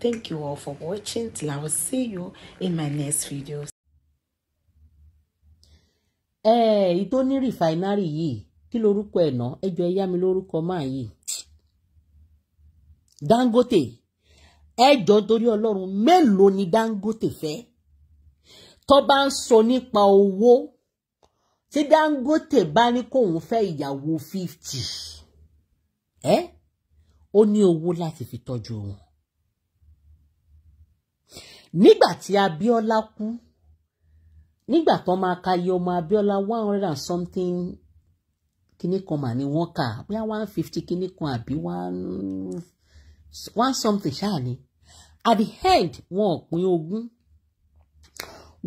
thank you all for watching till i will see you in my next videos. ẹ èyí tó ní rìfáínárì yìí kí lorúkọ ẹ̀ náà ẹ jọ ẹ yá mi lórúkọ máa yìí Dangote ẹ jọ torí Ọlọ́run mélòó ni Dangote fẹ́ tó bá ń sọ nípa owó tí Dangote bá ní kóun fẹ́ ìyàwó fifty ẹ ó ní owó láti fi tọ́jú wọn nígbà tí Abíọ́lá kú nígbà tó máa ka iye ọmọ Abíọ́lá one hundred and something kíní kan mà ni wọ́n kà bóyá one fifty kíní kan àbí one one something ṣáà at the end wọn ò pín ogún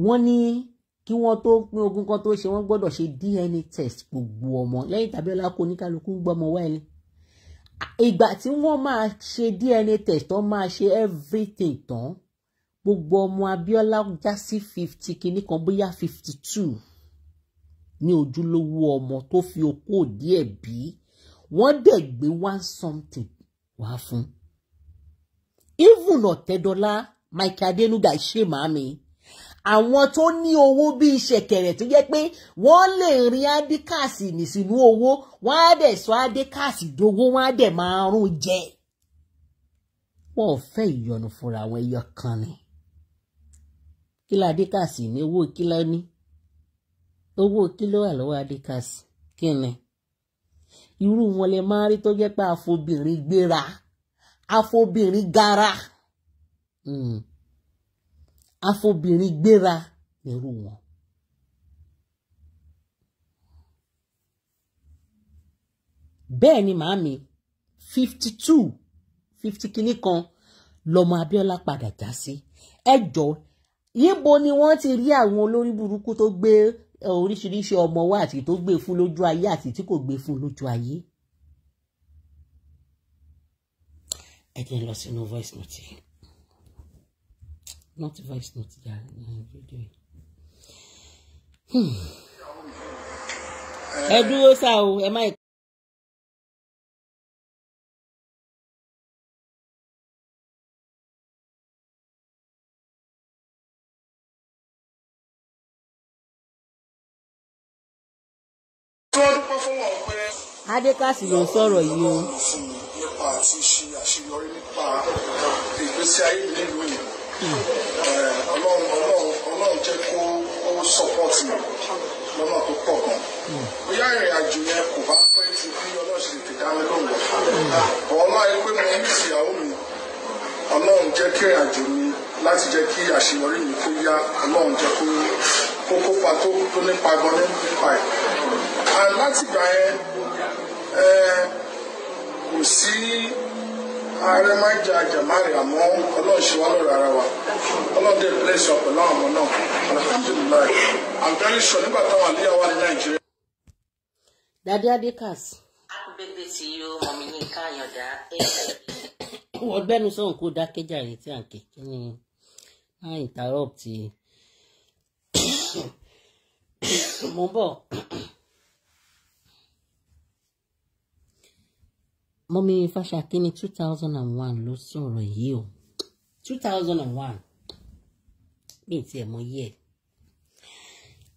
wọ́n ní kí wọ́n tó pín ogún kan tó ṣe wọ́n gbọ́dọ̀ ṣe DNA test gbogbo ọmọ lẹ́yìn tàbí ọlá kó oníkálukú gbọ́mọ wẹẹlì ìgbà tí wọ́n máa ṣe DNA test tán máa ṣe everything tán gbogbo ọmọ Abíọ́lá já sí fifty kìíní kan bóyá fifty two ní ojúlówó ọmọ tó fi okó díẹ̀ bí wọ́n dẹ̀ gbé one something wá fún. even ọ̀tẹ́dọ́lá Mike Adenuga ṣe màámi àwọn tó ní owó bíi ṣẹ̀kẹ̀rẹ̀ tó jẹ́ pé wọ́n lè rin adékàsì nì sínú owó wọ́n á dẹ̀ sọ adékàsì dowó wọ́n á dẹ̀ máa rún jẹ. wọ́n ò fẹ́ ìyọnu fúnra wọn ẹyọ kan ni. Kila adékàsì ní owó kílá ní owó kíló wà lọ́wọ́ adékàsì kí ni irú wọn lè máa rí tó jẹ́ pé afobìnrin gbéra afobìnrin gara mm. afobìnrin gbéra irú wọn. bẹ́ẹ̀ ni màámi fifty two fifty kìíní kan lọmọ Abíọ́lá padà já sí ẹ jọ̀ọ́ ibo ni wọ́n ti rí àwọn olórí burúkú tó gbé oríṣiríṣi ọmọ wa àti tó gbé fún lójú ayé àti tí kò gbé fún lójú ayé. ẹ jẹ́ lọ sínú voice note not voice note ya fídíò yìí. Hmm. ẹ dúró sáà o ẹ má. adékàsì ló ń sọ̀rọ̀ yìí o. nípa ṣíṣe àṣeyọrí nípa ìgbésí ayé mi nílùú yìí ọlọ́run ọlọ́run ọlọ́run jẹ́ kó ó sọ́pọ́ọ̀tì mi lọ́nà tó pọ̀ gan. bóyá ìrìn àjò yẹn kò bá pẹ́ ju bí ọlọ́run ṣe tètè dá mi lóhùn lọ. ọ̀ọ́lá yẹ pé mo ní ìsìyàwó mi ọlọ́run jẹ́ kí ìrìn àjò mi láti jẹ́ kí àṣeyọrí mi kó yá ọlọ́run jẹ́ kó kópa tó nípa gan nípa ẹ̀. láti yẹn kò sí ààrẹ máa ń jẹ àjàmárì àmọ́ ọlọ́run ṣe wá lọ́rọ̀ ara wa ọlọ́run dẹ̀ bless ọ pẹ̀lú àwọn ọmọ náà alhamdulilayi i'm very sure nígbà táwọn àlíyá wà ní nàìjíríà. dadi adikas. happy birthday to you mọ̀mí ní káyọ̀dá wọ́n gbẹ́nu sọ̀hún kó dákẹ́ jàre tí à ń ké kí ni máa interrupt mo bọ̀. mọ́mí fàṣàkí ní two thousand and one ló sọ̀rọ̀ yìí o two thousand and one mi ì tiẹ̀ mọ yí ẹ̀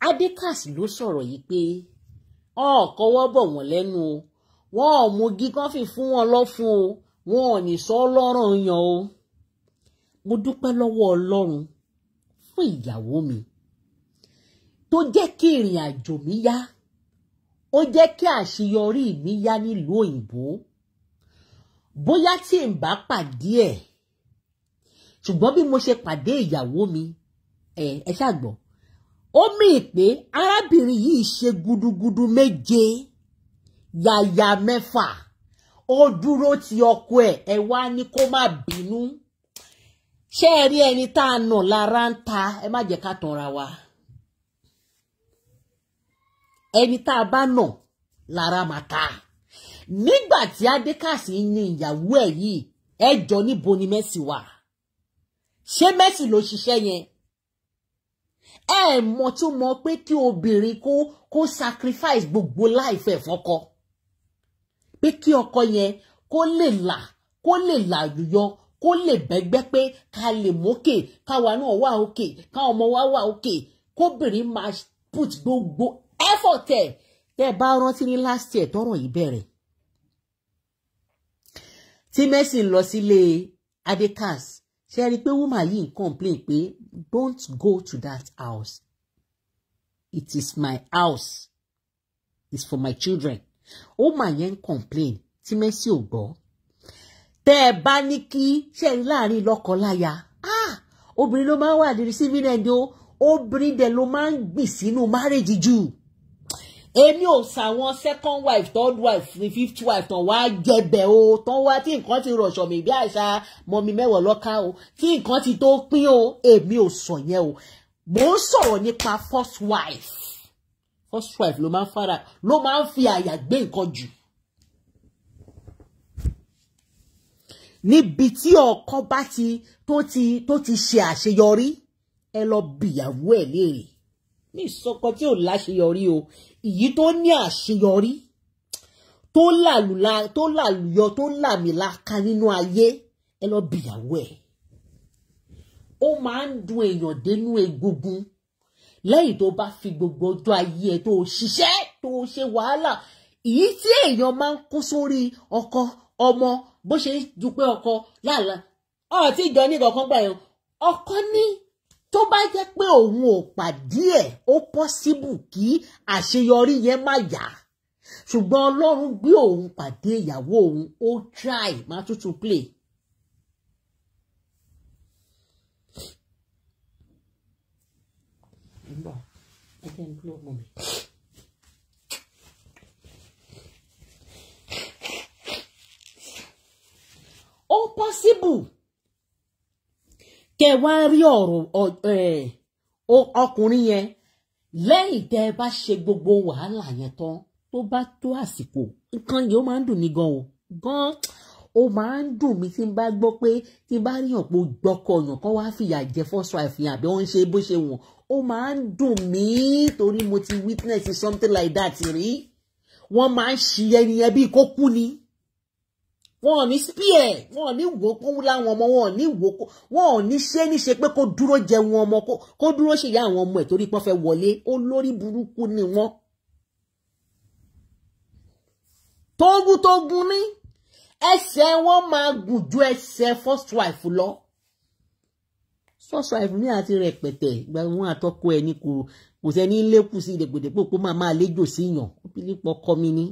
adékàs ló sọ̀rọ̀ yìí pé ọ̀ọ́kọ́ wọ́ bọ̀ wọ́n lẹ́nu o wọ́n ò mogi kan fi fún wọn lọ́fun o wọn ò ní sọ ọlọ́run yan o mo dúpẹ́ lọ́wọ́ ọlọ́run fún ìyàwó mi tó jẹ́ kí ìrìn àjò mi yá ó jẹ́ kí àṣeyọrí mi yá nílùú òyìnbó bóyá tí n bá pàdé ẹ̀ ṣùgbọ́n bí mo ṣe pàdé ìyàwó mi ẹ ẹ ṣàgbọ́ ó mìí pé arábìnrin yìí ṣe gudugudu méje yàyà mẹ́fà ó dúró ti ọkọ ẹ̀ ẹ wá ní kó má bínú ṣé ẹ rí ẹni tá a nà lára ń ta ẹ má jẹ́ ká tanra wa ẹni tá a bá nà lára máa ta nígbà tí adékàsí ní ìyàwó ẹ̀ yìí ẹ jọ níbo ni Mercy wà ṣé Mercy ló ṣiṣẹ́ yẹn ẹ mọ̀ tó mọ̀ pé kí obìnrin kó kó sacrifice gbogbo life ẹ̀ fọ́kọ pé kí ọkọ yẹn kó lè là kó lè làlùyọ kó lè bẹ́gbẹ́ pé ká lè mókè káwa náà wà òkè káwọn ọmọ wa wà òkè kóbìnrin máa put gbogbo effort ẹ̀ tẹ́ ẹ bá rántí ní last year tọ́rọ̀ yìí bẹ̀rẹ̀ tí Messi lọ sílé Adekas ṣe rí i pé woman yìí ń complain pé don't go to that house it is my house it's for my children woman yẹn ń complain tí Messi ò gbọ́ tẹ́ ẹ bá ní kí ṣe rí láàrin lọ́kọláya ah obìnrin ló máa ń wà ní receiving end o obìnrin dẹ̀ ló máa ń gbìn sínú márèjì jù èmi ò sàwọn second wife third wife fifth wife tán wá jẹbẹ o tán wá tí nǹkan ti rọ̀ṣọ̀ mi bí àṣà mọ́mi mẹ́wọ̀ lọ́ka o tí nǹkan ti tó pín o èmi ò sọ yẹn o mò ń sọ̀rọ̀ nípa first wife first wife ló máa ń fara ló máa ń fi àyà gbé nǹkan jù. níbi tí ọkọ bá ti tó ti tó ti ṣe àṣeyọrí ẹ lọ bìyàwó ẹ léèrè ní ìsọkọ tí ò láṣeyọrí o ìyí tó ní àṣeyọrí tó làlùlà tó làlùyọ tó làmìlàka nínú ayé ẹ lọ bìyàwó ẹ ó máa ń dun èèyàn dénú egungun lẹ́yìn tó bá fi gbogbo ọjọ́ ayé ẹ tó ṣiṣẹ́ tó ṣe wàhálà ìyí tí èèyàn máa ń kú sórí ọkọ ọmọ bó ṣe dúpẹ́ ọkọ láàlá ọtí gan ní kankan gbà yẹn ọkọ ní tó bá jẹ́ pé òun ò pàdé ẹ̀ ó pọ́síbù kí àṣeyọrí yẹn má yá ṣùgbọ́n ọlọ́run gbé òun pàdé ìyàwó òun ó try má tútù play. Bon, I can kẹ wá rí ọ̀rọ̀ ọkùnrin yẹn lẹ́yìn tẹ́ ẹ bá ṣe gbogbo wàhálà yẹn tán tó bá tó àsìkò nǹkan yìí ó máa ń dùn mí gan o gan ó máa ń dùn mí tí n bá gbọ́ pé tí n bá rí ọ̀pọ̀ gbọ́kọ̀ọ̀yàn kan wá fìyà jẹ fọ́sọ àfihàn àbí wọ́n ń ṣe bó ṣe wọ̀n ó máa ń dùn mí torí mo ti witness something like that rí wọ́n máa ń ṣiyẹ ẹni yẹn kó kú ni wọn ò ní spíẹ̀ wọn ò ní wò kó láwọn ọmọ wọn ò ní wò kó wọn ò ní ṣe níṣe pé kó dúró jẹun ọmọ kó dúró ṣèyá àwọn ọmọ ẹ̀ torí pọ́n fẹ́ wọlé olórí burúkú ni wọ́n. tógún tógún ní ẹsẹ̀ wọn máa gùn ju ẹsẹ̀ first wife lọ first wife ní àti rẹpẹtẹ ìgbà wọn àtọkọ ẹ ní kò kò sẹ́ni lékù sí ìdègbèdèpò kó máa máa léjò sí yàn ó fi lè pọkọ mi ní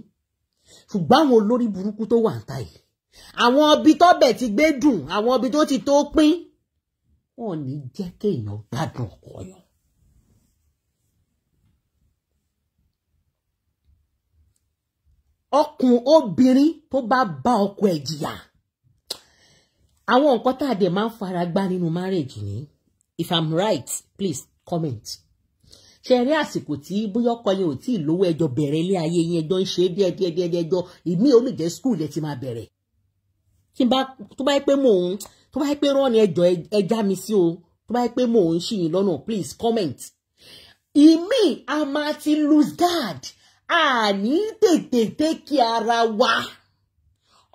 ṣùgbọ́n àwọn olórí burúkú tó wà ń ta yìí àwọn ibi tọ́bẹ̀ ti gbé dùn àwọn ibi tó ti tó pín wọn ní jẹ́ kéèyàn gbádùn ọkọ yàn. ọkùn obìnrin tó bá bá ọkọ ẹ̀ jìyà àwọn nǹkan tá a dẹ̀ máa ń fara gbá nínú marriage ni if i'm right please comment ṣe rí àsìkò tí bóyá ọkọ yẹn ò tí ì lówó ẹjọ́ bẹ̀rẹ̀ ilé ayé yẹn ẹjọ́ ń ṣe díẹ̀ ìmí ò lè jẹ́ school ẹ ti máa bẹ̀rẹ̀ kí n bá tó bá yẹ pé mò ń tó bá yẹ pé rán ni ẹjọ ẹja mi sí o tó bá yẹ pé mò ń ṣì yín lọ́nà please comment. ìmí a máa ti lose guard àní tètè tẹ́kì ara wa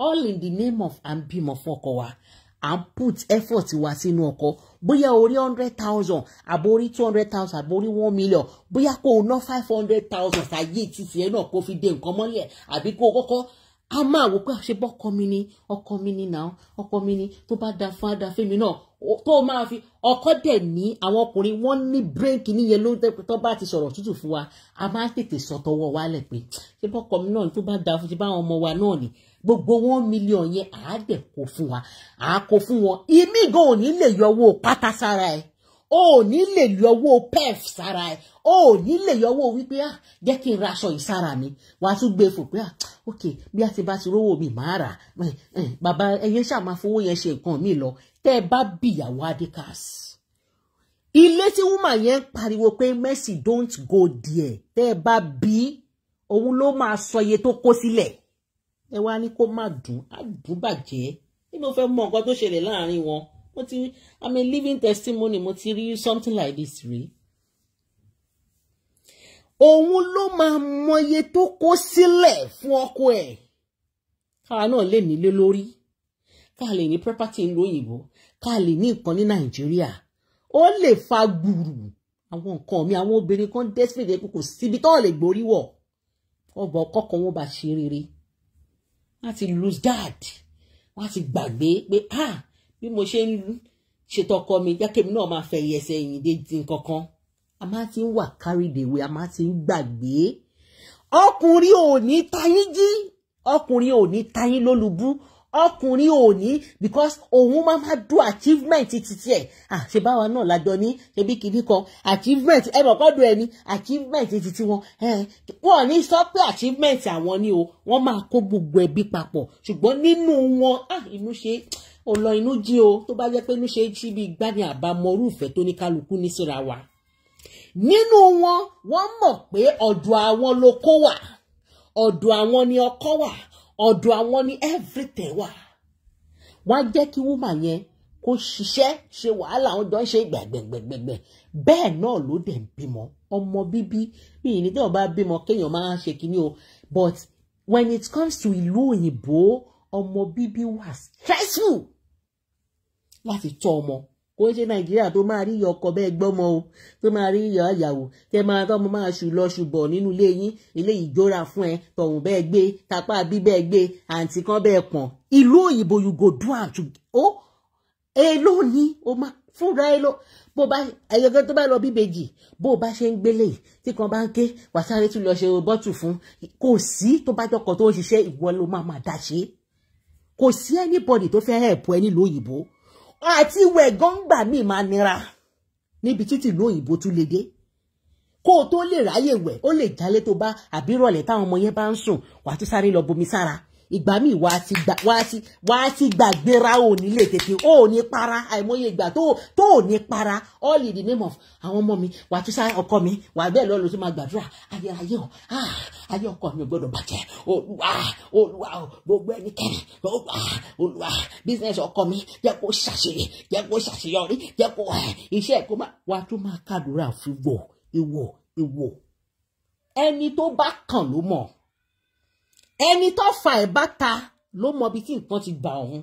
all in the name of à ń bímọ fún wa à put effort wa sínú ọkọ bóyá orí hundred thousand àbò orí two hundred thousand àbò orí one million bóyá kó o ná five hundred thousand ṣàyè títí ẹ náà kó fi dé nǹkan mọ́lẹ̀ àbí kó o kọ́kọ́ a máa wò pé àṣebọ ah, ọkọ mi ni ọkọ mi ni náà ọkọ mi ni tó bá da fún adáfẹ́mi náà tó máa fi ọkọ dẹ̀ ní àwọn ọkùnrin wọ́n ní bírèkì níyẹn ló tó bá ti sọ̀rọ̀ tútù fún wa a máa tètè sọ tọwọ́ wa lẹ̀ pé ṣé bọ́kọ mi náà tó bá da fún ṣe báwọn ọmọ wa náà ni gbogbo wọn mílíọ̀n yẹn àá kó fún wa àá kó fún wọn ìmí ò ní lè yọ owó pátá sára ẹ̀ o ò ní lè yọwọ́ pef sára ẹ o ò ní lè yọwọ́ wípé ah jẹ́ kí n ra aṣọ ìsára mi wàá tún gbé e fò pé ah ok bí a ti bá ti rówó mi màá rà bàbá ẹyẹ ṣáà máa fowó yẹn ṣe nǹkan mi lọ tẹ́ ẹ bá bìyàwó adikas ilé tí wúmà yẹn pariwo pé mercy don't go there tẹ́ ẹ bá bí òun ló máa sọ iye tó kó sílẹ̀ ẹ wá ní kó má dùn á dùn bàjẹ́ nínú fẹ́ mọ nǹkan tó ṣẹlẹ̀ láàrin wọn mo ti i'm a living testimony mo ti rí something like this rí òun ló máa mọye tó kó sílẹ̀ fún ọkọ ẹ̀ káwa náà lè nílé lórí ká lè ní property ń lóyìnbó ká lè ní nǹkan ní nàìjíríà ó lè fa gbùrù àwọn nǹkan mi àwọn obìnrin kan desperate epo kò síbi tó lè gborí wọ̀ ọbọ kọkàn wọn bá ṣe rere wọn ti lose dad wọn ti gbàgbé pé ah bí mo ṣe ń ṣètò ọkọ mi jákèmí náà máa fẹ̀yìn ẹsẹ̀ ẹ̀yìn déjì kankan a máa ti ń wà carried away a máa ti ń gbàgbé ọkùnrin ò ní tayín jí ọkùnrin ò ní tayín lólùbú ọkùnrin ò ní because òun máa máa dún achievement títí ẹ àṣẹ báwa náà lájọ ní ṣebí kìíní kan achievement ẹ mọ̀ kọ́ dùn ẹni achievement títí wọn wọn ní sọ pé achievement àwọn ni o wọ́n máa kó gbogbo ẹbí papọ̀ ṣùgbọ́n nínú wọn inú ṣe é ò lọ inú jí o tó bá jẹ́ pé inú ṣe é jí bí gbá ní àbámọ̀ orúfẹ́ tó ní kálukú ní síra wa nínú wọn wọ́n mọ̀ pé ọ̀dọ̀ àwọn ló kó wà ọ̀dọ̀ àwọn ni ọkọ wà ọ̀dọ̀ àwọn ni everything wà wọ́n á jẹ́ kí wúmà yẹn kó ṣiṣẹ́ ṣe wàhálà àwọn jọ ń ṣe gbẹ̀gbẹ̀gbẹ̀gbẹ̀ bẹ́ẹ̀ náà ló dẹ̀ ń bímọ ọmọ bíbí mi ì ní tí wọ́n bá bímọ kéèyàn máa ṣe kíní o but when it comes to ìlú òyìnbó ọmọ bíbí wà stressful láti tọ́ ọmọ kò ń ṣe nàìjíríà tó máa rí iyọ̀ ọkọ bẹ́ẹ̀ gbọ́mọ o tó máa rí iyọ̀ àyàwó tẹ máa tọ́mọ máa ṣù lọ ṣùbọ̀ nínú ilé yín ilé ìjóra fún ẹ tọ̀hún bẹ́ẹ̀ gbé tapá bí bẹ́ẹ̀ gbé àǹtí kan bẹ́ẹ̀ pọ̀n ìlú òyìnbó you go do am to o oh, èló ni o máa fúnra ẹ lọ bó bá ẹyọkẹ tó bá lọ bí bèjì bó bá ṣe ń gbélé tí kan bá ń ké wàsáré tún lọ ṣe bọ́tù fún kò sí tó bá jọkọ̀ tó ń ṣiṣẹ́ ìwọ ló máa máa dà ṣe kò sí anybody tó fẹ́ help ẹ nílùú òyìnbó àti wẹ̀ gọ́ngbà míì máa nira níbi títí ìlú òyìnbó tún lè dé kó o tó lè ráyè wẹ̀ ó lè jálé tó bá àbírọ̀lẹ́ táwọn ọmọ yẹn bá ń sùn wàá tún sáré lọ bomi sára ìgbà míì wá ti gbà wá ti wá ti gbàgbéra ò ní lè tètè ó ní para àìmọye ìgbà tó tó ní para all in the name of àwọn ọmọ mi wà tún sáyà ọkọ mi wà bẹ́ẹ̀ lọ́ọ́ lọ sí máa gbàdúrà ayé ayé o ah, ayé ọkọ mi ò gbọ́dọ̀ bàjẹ́ olúwa olúwa gbogbo ẹnikẹ́ni olúwa ah, olúwa business ọkọ mi jẹ́ kó ṣàṣeyẹ jẹ́ kó ṣàṣeyọrí jẹ́ kó eh, iṣẹ́ ẹ̀kọ́ wà tún máa kàdúrà fún ìwọ ìwọ ìwọ ẹni tó bá kàn ló mọ̀ ẹni tó fa ẹ̀ bá ta ló mọ ibi tí nǹkan ti gbà ọ̀hún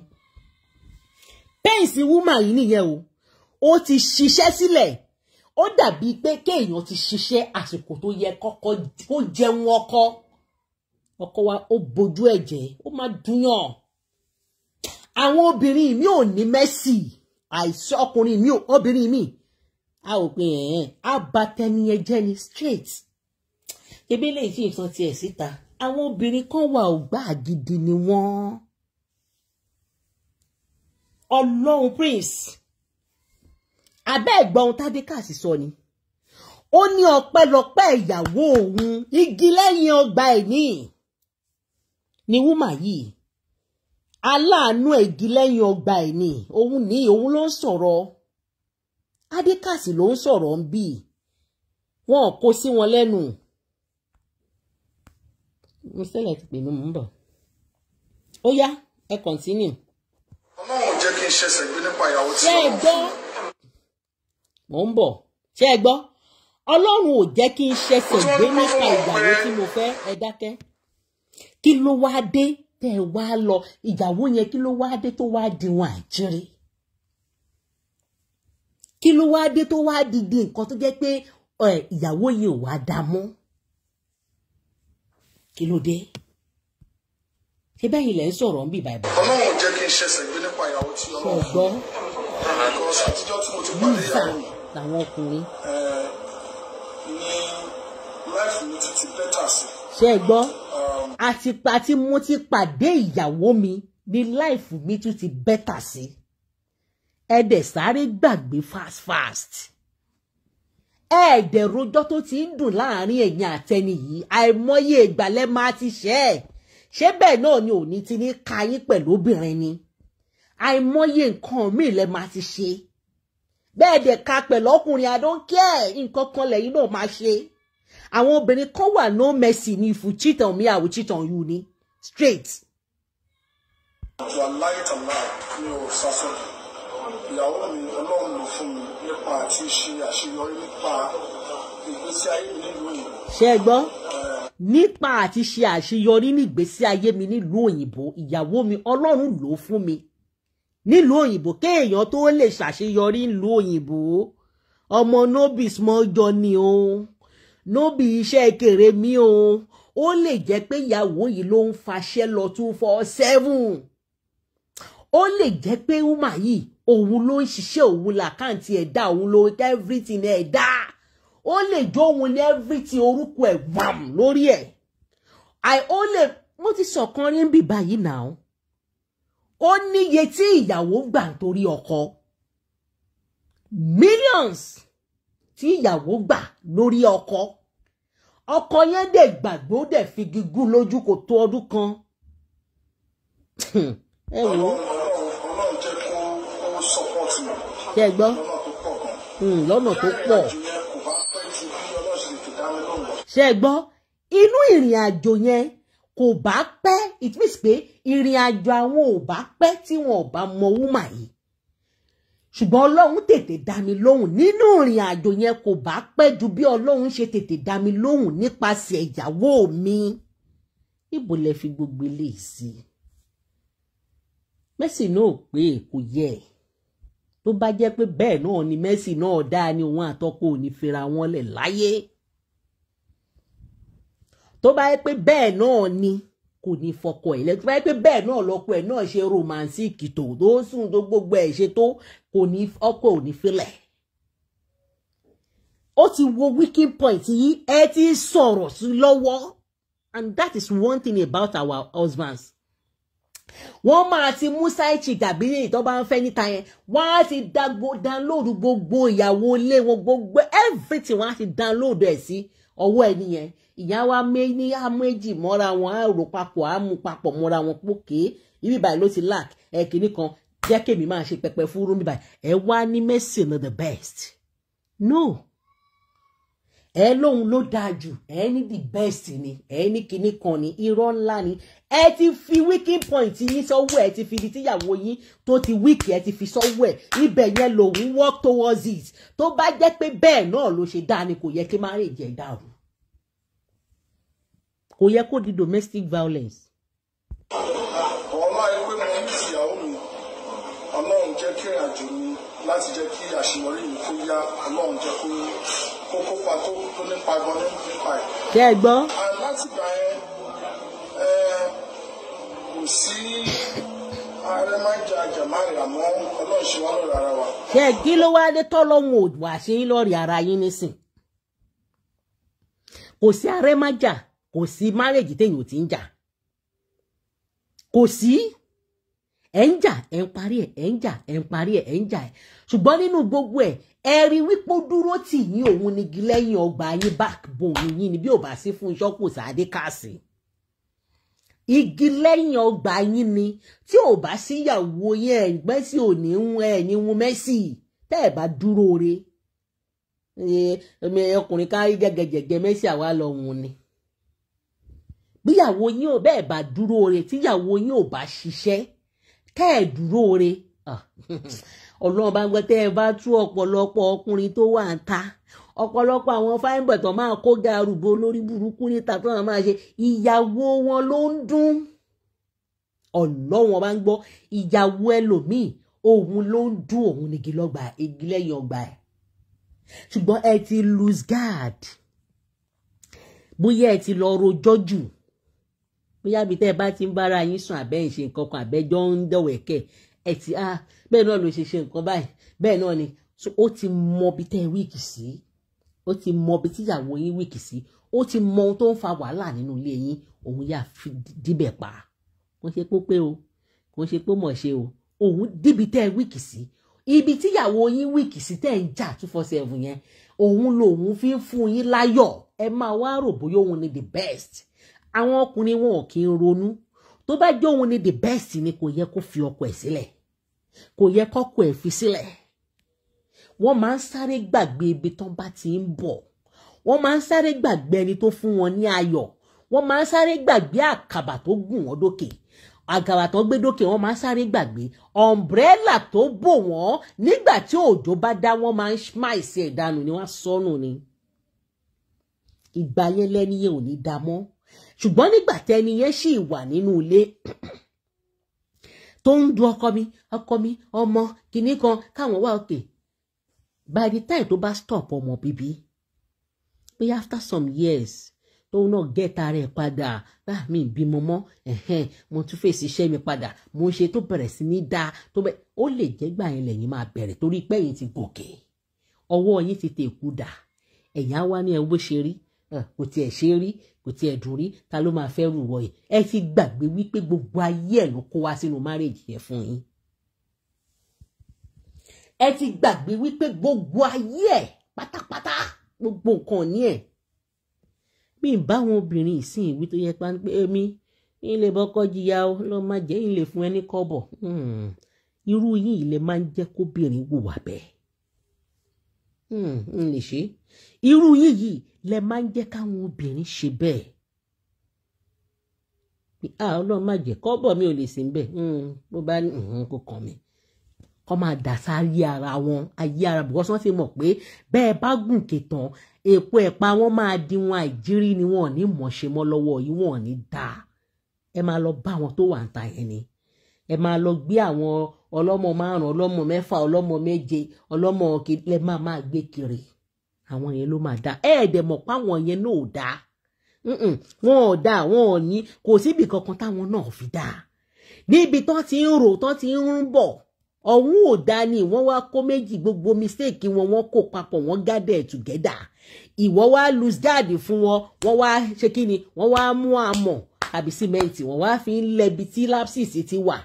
pẹ́ǹsì wúmà yìí nìyẹn o ó ti ṣiṣẹ́ sílẹ̀ ó dàbí pé kéèyàn ti ṣiṣẹ́ àsìkò tó yẹ kọ́kọ́ ó jẹun ọkọ ọkọ wa ó bojú ẹ̀jẹ̀ ó máa dúnyàn àwọn obìnrin mi ò ní mẹ́sì àìsí ọkùnrin mi ò obìnrin mi a ò pè ẹ̀ á ba ni straight ebi lè fi nǹkan tiẹ̀ síta àwọn obìnrin kan wà ògbà gidi ni wọ́n ọlọ́run prince abẹ́ ẹ̀gbọ́n ohun tádékàsì sọ ni ó ní ọpẹ́lọpẹ́ ìyàwó òun igi lẹ́yìn ọgbà ẹ̀mí ni wúmà yìí aláàánú igi lẹ́yìn ọgbà ẹ̀mí òun ní òun ló ń sọ̀rọ̀ adékàsì ló ń sọ̀rọ̀ ń bì wọ́n kò sí wọn lẹ́nu mo sẹ́lẹ̀ ti pè mí mò ń bọ̀ ó yá ẹ kọ̀ntínú. ọlọ́run ò jẹ́ kí n ṣẹ̀ṣẹ̀ gbé nípa ìyàwó tí ọlọ́run fún mi. mò ń bọ̀ ṣé ẹ gbọ́ ọlọ́run ò jẹ́ kí n ṣẹ̀ṣẹ̀ gbé nípa ìyàwó tí mo fẹ́ ẹ dákẹ́ kí ló wá dé tẹ́ ẹ wá lọ ìyàwó yẹn kí ló wá dé tó wá di wọn àjírí kí ló wá dé tó wá di di nǹkan tó jẹ́ pé ìyàwó yìí ò wá dá mọ́ kí ló dé ṣé bẹ́ẹ̀ ilẹ̀ ń sọ̀rọ̀ ń bì báyìí. ọlọ́run jẹ́ kí n ṣẹ̀ṣẹ̀ gbé nípa ìyàwó tí ọlọ́run fún mi because àtijọ́ tí mo ti pàdé ìyàwó mi làwọn ọkùnrin. ní láìfù mi ti ti bẹ́tà sí. ṣé ẹ gbọ́ àti um, àti mo ti pàdé ìyàwó mi ní láìfù mi tún ti bẹ́tà sí ẹ dẹ̀ sáré gbàgbé fast fast ẹ̀ẹ́dẹ̀ tó ti ń dùn láàrin ẹ̀yìn àtẹni yìí àìmọye ìgbàlẹ̀ máa ti ṣẹ́ ẹ̀ ṣé bẹ́ẹ̀ náà ni òní ti ní ka yín pẹ̀lú obìnrin ni àìmọye nǹkan míì lẹ máa ti ṣe bẹ́ẹ̀ dẹ̀ ka pẹ̀lú ọkùnrin àdókẹ́ nǹkan kan lẹ́yìn náà máa ṣe àwọn obìnrin kan wà no mercy ni if you cheat on me I will cheat ni straight. àjọ aláìtàlá mi ò sásọ ìyàwó mi ọlọ́run ló fún mi àti ṣe àṣeyọrí nípa ìgbésí ayé mi nílùú òyìnbó. ṣé ẹ gbọ́ nípa àti ṣe àṣeyọrí ní ìgbésí ayé mi nílùú òyìnbó ìyàwó mi ọlọ́run lò ó fún mi nílùú òyìnbó kéèyàn tó lè ṣàṣeyọrí nílùú òyìnbó ọmọ nóbì small journey o nóbì iṣẹ́ kéré mi o ó lè jẹ́ pé ìyàwó yìí ló ń faṣẹ́ lọ two four seven ó lè jẹ́ pé wúmà yìí òun ló ń ṣiṣẹ́ òun làkáǹtì ẹ̀dá òun ló everything ẹ̀dá ó lè jó òun ní everything orúkọ ẹ̀ wàm lórí ẹ̀ àì ó lè mo ti sọ̀kan rí ń bì báyìí náà ó níye tí ìyàwó gbà nítorí ọkọ millions tí ìyàwó gbà lórí ọkọ ọkọ yẹn dẹ̀ gbàgbó dẹ̀ fi gígùn lójú kò tó ọdún kan hm, ẹ wò ó ṣe é gbọ́ hmm, lọ́nà tó pọ̀ ṣe é gbọ́ inú ìrìn àjò yẹn kò bá pẹ́ it means pé ìrìn àjò àwọn ò bá pẹ́ tí wọn ò bá mọ wúmà yìí ṣùgbọ́n ọlọ́run tètè dá mi lóhùn nínú ìrìn àjò yẹn kò bá pẹ́ ju bí ọlọ́run ṣe tètè dá mi lóhùn nípasẹ̀ ìyàwó mi ibo lẹ fi gbogbo eléyìí sí mẹ́sì náà pé kò yẹ ẹ̀ tó bá jẹ́ pé bẹ́ẹ̀ náà ni Messi náà dáa ni òun àtọ́kọ ò ní fira wọn lẹ̀ láyé tó bá yẹ pé bẹ́ẹ̀ náà ni kò ní fọkọ ẹ̀ lẹ́tọ́ tó bá yẹ pé bẹ́ẹ̀ náà lọ́kọ ẹ̀ náà ṣe romansíìkì tó tó sùn tó gbogbo ẹ̀ ṣe tó kò ní ọkọ ò filẹ̀ ó ti wo weakening point yìí ẹ ti sọ̀rọ̀ sí lọ́wọ́ and that is one thing about our husbands wọ́n máa ti mú sáìchì tàbí ìtọ́ bá ń fẹ́ níta yẹn wọ́n á ti dánlóòdù gbogbo ìyàwó ilé wọn gbogbo everything wọ́n á ti dánlóòdù ẹ̀ sí ọwọ́ ẹ̀ nìyẹn ìyá wa ní á méjì mọ́ra wọn á rò papọ̀ á mú papọ̀ mọ́ra wọn pókè ibi báyìí ló ti lack ẹ̀ kìíní kan jẹ́ kémi máa ṣe pẹpẹ fúru mi báyìí ẹ wá ní Mercy na the best no ẹ lóun ló dáa jù ẹ ní the best ni ẹ ní kinní kan ni irọ́ ńlá ni ẹ ti fi weaking point yín sọ́wọ́ ẹ ti fi di tíyàwó yín tó ti weak ẹ ti fi sọ́wọ́ ẹ ibẹ̀ yẹn lòun work towards it tó bá jẹ́ pé bẹ́ẹ̀ náà ló ṣe dáa ni kò yẹ kí marriage ẹ̀ dàrú kò yẹ kó di domestic violence. ọlá ẹgbẹ́ mi ní ìyàwó mi ọlọ́run jẹ́ kí ìrìnàjò mi láti jẹ́ kí àṣeyọrí mi kó yá ọlọ́run jẹ́ kó yá tó kópa tó tó nípa gan nípa ẹ̀. jẹ́ ẹ gbọ́. látìgbà yẹn kò sí ààrẹ máa ń jẹ àjàmárì àmọ́ ọlọ́ọ̀ṣẹ́ wa lọ́ọ̀rọ̀ ara wa. ṣé kí ló wá dé tọ́lọ́hún ò wá sí lọ́ọ̀rì ara yín nísìn kò sí ààrẹ máa jà kò sí márèjì téèyàn ti ń jà kò sí ẹ̀ ń jà ẹ̀ ń parí ẹ̀ ẹ̀ ń jà ẹ̀ ń parí ẹ̀ ẹ̀ ń jà ẹ̀ ṣùgbọ́n nínú gbogbo ẹ̀ ẹ rí wípé ó dúró tì yín òun nigi lẹ́yìn ọgbà yín backbone yín ni bí ò bá sí fún iṣọ́ kò sáadé káàsì igi lẹ́yìn ọgbà yín ni tí ò bá sí ìyàwó yín ẹ̀gbẹ́ sí òní ń ẹ̀yìn wọn mẹ́sì tẹ́ ẹ̀ bá dúró re ọkùnrin ká jẹgẹjẹgẹ mẹ́sì àwa lọ wọn ni bíyàwó yín ò bẹ́ẹ̀ bá dúró re tíyàwó yín ò bá ṣiṣẹ́ tẹ́ ẹ̀ dúró re Ah. ọlọ́run bá ń gbọ́ tẹ́ ẹ bá tú ọ̀pọ̀lọpọ̀ ọkùnrin tó wà ń ta ọ̀pọ̀lọpọ̀ àwọn fáìbọ̀ tó máa kó garubo lórí burúkú níta tó máa ṣe ìyàwó wọn ló ń dún ọlọ́run bá ń gbọ́ ìyàwó ẹlòmíì òun ló ń dún òun nìgí lọ́gbà igi lẹ́yìn ọgbà ẹ̀ ṣùgbọ́n ẹ ti lose guard bóyá ẹ ti lọ rojọ́ jù bóyá bí tẹ́ ẹ bá ti ń bára yín sùn àbẹ́ ìṣe nǹkan kan àbẹ́jọ́ ń dọ̀wẹ̀kẹ̀ ẹ ti á ah, bẹ́ẹ̀ náà ló ṣe ṣe nǹkan báyìí bẹ́ẹ̀ náà ni so ó ti mọ bí tẹ́ wíìkì sí ó ti mọ bí tíyàwó yín wíìkì sí ó ti mọ ohun tó ń fa wàhálà nínú ilé yín òun yà fi díbẹ̀ pa kò ṣe pé pé o kò ṣe pé mọ̀ ṣe o òun díbi tẹ́ wíìkì sí ibi tíyàwó yín wíìkì sí tẹ́ ń jà two four seven yẹn òun lòun fi ń fún yín láyọ̀ ẹ máa wá rò bóyá òun ni the best àwọn ọkùnrin wọn ò kí ń ronú tó bá jẹ́ òun ni the best ni kò yẹ kó fi ọkọ ẹ̀ sílẹ̀ kò yẹ kọ́kọ́ ẹ̀ fi sílẹ̀ wọ́n máa ń sáré gbàgbé ibi tán bá ti ń bọ̀ wọ́n máa ń sáré gbàgbé ẹni tó fún wọn ní ayọ̀ wọ́n máa ń sáré gbàgbé àkàbà tó gùn wọ́n dókè àkàbà tó gbé dókè wọ́n máa ń sáré gbàgbé ọ̀mbrẹ́là tó bò wọ́n nígbà tí òjò bá dá wọ́n máa ń ṣmáìsì ẹ̀dánù ni wọ́n sọnù ni ìgbà yẹn lẹ́ni yẹn ò ní dá mọ́ ṣùgbọ́n nígbà tẹ́ni yẹn ṣì wà nínú ilé tó ń du ọkọ mi ọkọ mi ọmọ kìíní kan káwọn wá òkè by the time tó bá stop ọmọ bíbí pé after some years tóun náà gẹ́ta rẹ̀ padà bá ah, mi bímọ mọ́ ẹ̀hẹ́n mo tún fèsì iṣẹ́ mi padà mo ṣe tó bẹ̀rẹ̀ sí ní dáa tó bẹ̀ ó lè jẹ́ gbà yẹn lẹ́yìn máa bẹ̀rẹ̀ torí pé ẹ̀yin ti gòkè ọwọ́ yín ti tèkú dà ẹ̀yìn á wá ní ẹwọ́ ṣe rí kò tiẹ̀ ṣe rí kò tiẹ̀ dùn rí ta ló máa fẹ́ rúwọ yìí ẹ ti gbàgbé wípé gbogbo ayé ẹ̀ ló kó wá sínú márèjì yẹn fún yín ẹ ti gbàgbé wípé gbogbo ayé ẹ̀ pátápátá gbogbo nǹkan ní ẹ̀ mi ń bá àwọn obìnrin ìsìn ìwí tó yẹ pa pé èmi ilé bọ́kọ́ jìyà ó lọ́ máa jẹ́ ilé fún ẹni kọ́bọ̀ hmm. irú yìí ilé máa ń jẹ́ kóbìnrin wùwà bẹ́ẹ̀ Hmm, n lè ṣe irú yín yìí lẹ máa ń jẹ́ káwọn obìnrin ṣe bẹ́ẹ̀ a ah, ọlọ́run má jẹ́ kọ́bọ̀ mi ò lè sí bẹ́ẹ̀ hmm, bó bá ní hmm, kó kàn mí kọ́ máa dà sáyé ara wọn ayé ara bùkọ́ sọ́n ti mọ̀ pé bẹ́ẹ̀ bá gùn kìtàn èpo ẹ̀pà wọn máa di wọn àìjírí ni wọn ò ní mọ̀ṣe mọ́ lọ́wọ́ yìí wọn ò ní dáa ẹ máa lọ bá àwọn tó wà ń ta yẹn ni ẹ máa lọ gbé àwọn ọlọ́mọ márùn ọlọ́mọ mẹ́fà ọlọ́mọ méje ọlọ́mọ lẹ máa máa gbé kiri àwọn yẹn ló máa dá ẹ ẹdẹ mọ̀ páwọn yẹn náà ò dá wọn ò dá wọn ò ní kò síbi kankan táwọn náà fi dá níbi tán ti ń rò tán ti ń bọ̀ ọ̀hún ò dá ni wọ́n wá kó méjì gbogbo mistake wọn wọ́n kó papọ̀ wọ́n gather together ìwọ wá lose guard fún wọn wọ́n wá ṣe kí ni wọ́n wá mú àmọ̀ àbí símẹ́ǹtì wọ́n wá fi ń lẹbi tí lapsis ti wà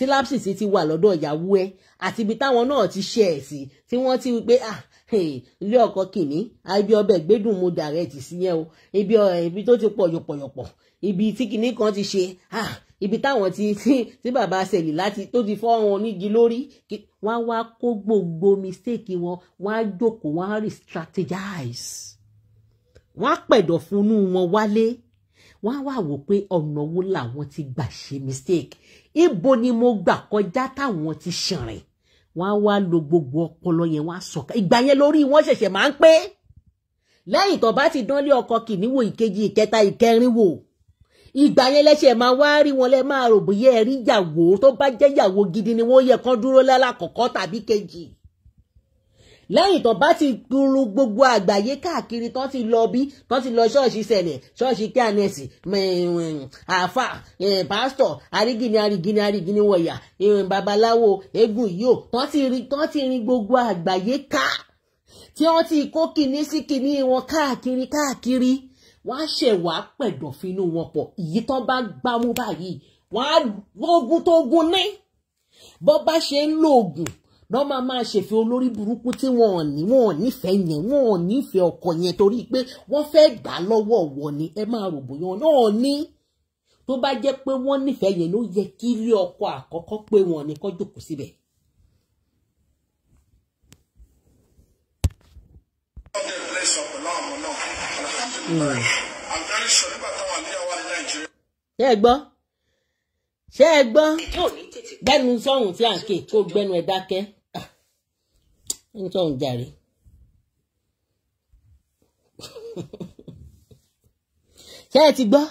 tí lapsis ti wà lọ́dọ̀ ìyàwó ẹ àti ibi táwọn náà ti ṣe ẹ̀ sí tí wọ́n ti wí pé ah ilé ọkọ kìíní ibi ọbẹ̀ gbẹ́dùn mo dàrẹ́tì sí yẹn o ibi eh, ibi tó ti pọ̀ yọ̀pọ̀yọ̀pọ̀ ibi tí kìíní kan ti ṣe ah ibi táwọn ti tí bàbá sẹ̀lì láti tó ti fọ́ wọn onígi lórí wá wá kó gbogbo mistake wọn wá jókòó wá re strategize wá pẹ̀dọ̀ fúnnú wọn wálé wọ́n á wá wò pé ọ̀nà wo làwọn ti gbà ṣe mistake ibo ni mo gbà kọjá táwọn ti ṣìnrìn wọ́n á wá lo gbogbo ọpọlọ yẹn wọ́n á sọ̀ka ìgbà yẹn lórí wọ́n ṣẹ̀ṣẹ̀ máa ń pé lẹ́yìn tó bá ti dánlé ọkọ kìnìún wò ìkejì ìkẹta ìkẹrin wò ìgbà yẹn lẹ́sẹ̀ máa wá rí wọn lẹ́ máa rò bóyá ẹ̀rí ìyàwó tó bá jẹ́ ìyàwó gidi ni wọ́n yẹ kán dúró lálàkọ̀kọ́ tàbí kejì lẹ́yìn tó bá ti gburu gbogbo àgbáyé káàkiri tó ti lọ bí tó ti lọ ṣọ́ọ̀ṣì sẹ̀lẹ̀ ṣọ́ọ̀ṣì kíánẹ́sì mm, mm, àáfà eh, pásítọ̀ arígìní arígìní arígìní wọ̀yà eh, babaláwo eégún yìí ò tó ti rin tó ti rin gbogbo àgbáyé ká tí wọ́n ti kó kinní sí kinní wọn káàkiri káàkiri wọ́n á ṣẹ̀ wá pẹ̀dọ̀fínú wọn pọ̀ èyí tó bá gbámú báyìí wọ́n á lógun tó gun ní bọ́ bá ṣe ń lo oògùn lọ́ máa máa ṣèfẹ́ olórí burúkú tí wọ́n ò ní wọ́n ò nífẹ̀ẹ́ yẹn wọ́n ò nífẹ̀ẹ́ ọkọ yẹn torí pé wọ́n fẹ́ gbà lọ́wọ́ wọ̀ ni ẹ máa rò bóyá wọn náà ní tó bá jẹ́ pé wọ́n nífẹ̀ẹ́ yẹn ló yẹ kí ilé ọkọ àkọ́kọ́ pé wọn ni kó jókòó síbẹ̀. ṣé ẹ gbọ́ ṣé ẹ gbọ́ gbẹ́nu sọ́hùn fíàǹkì kó gbẹ́nu ẹ̀ dákẹ́ ń tọ́ ń jàre ṣé ẹ ti gbọ́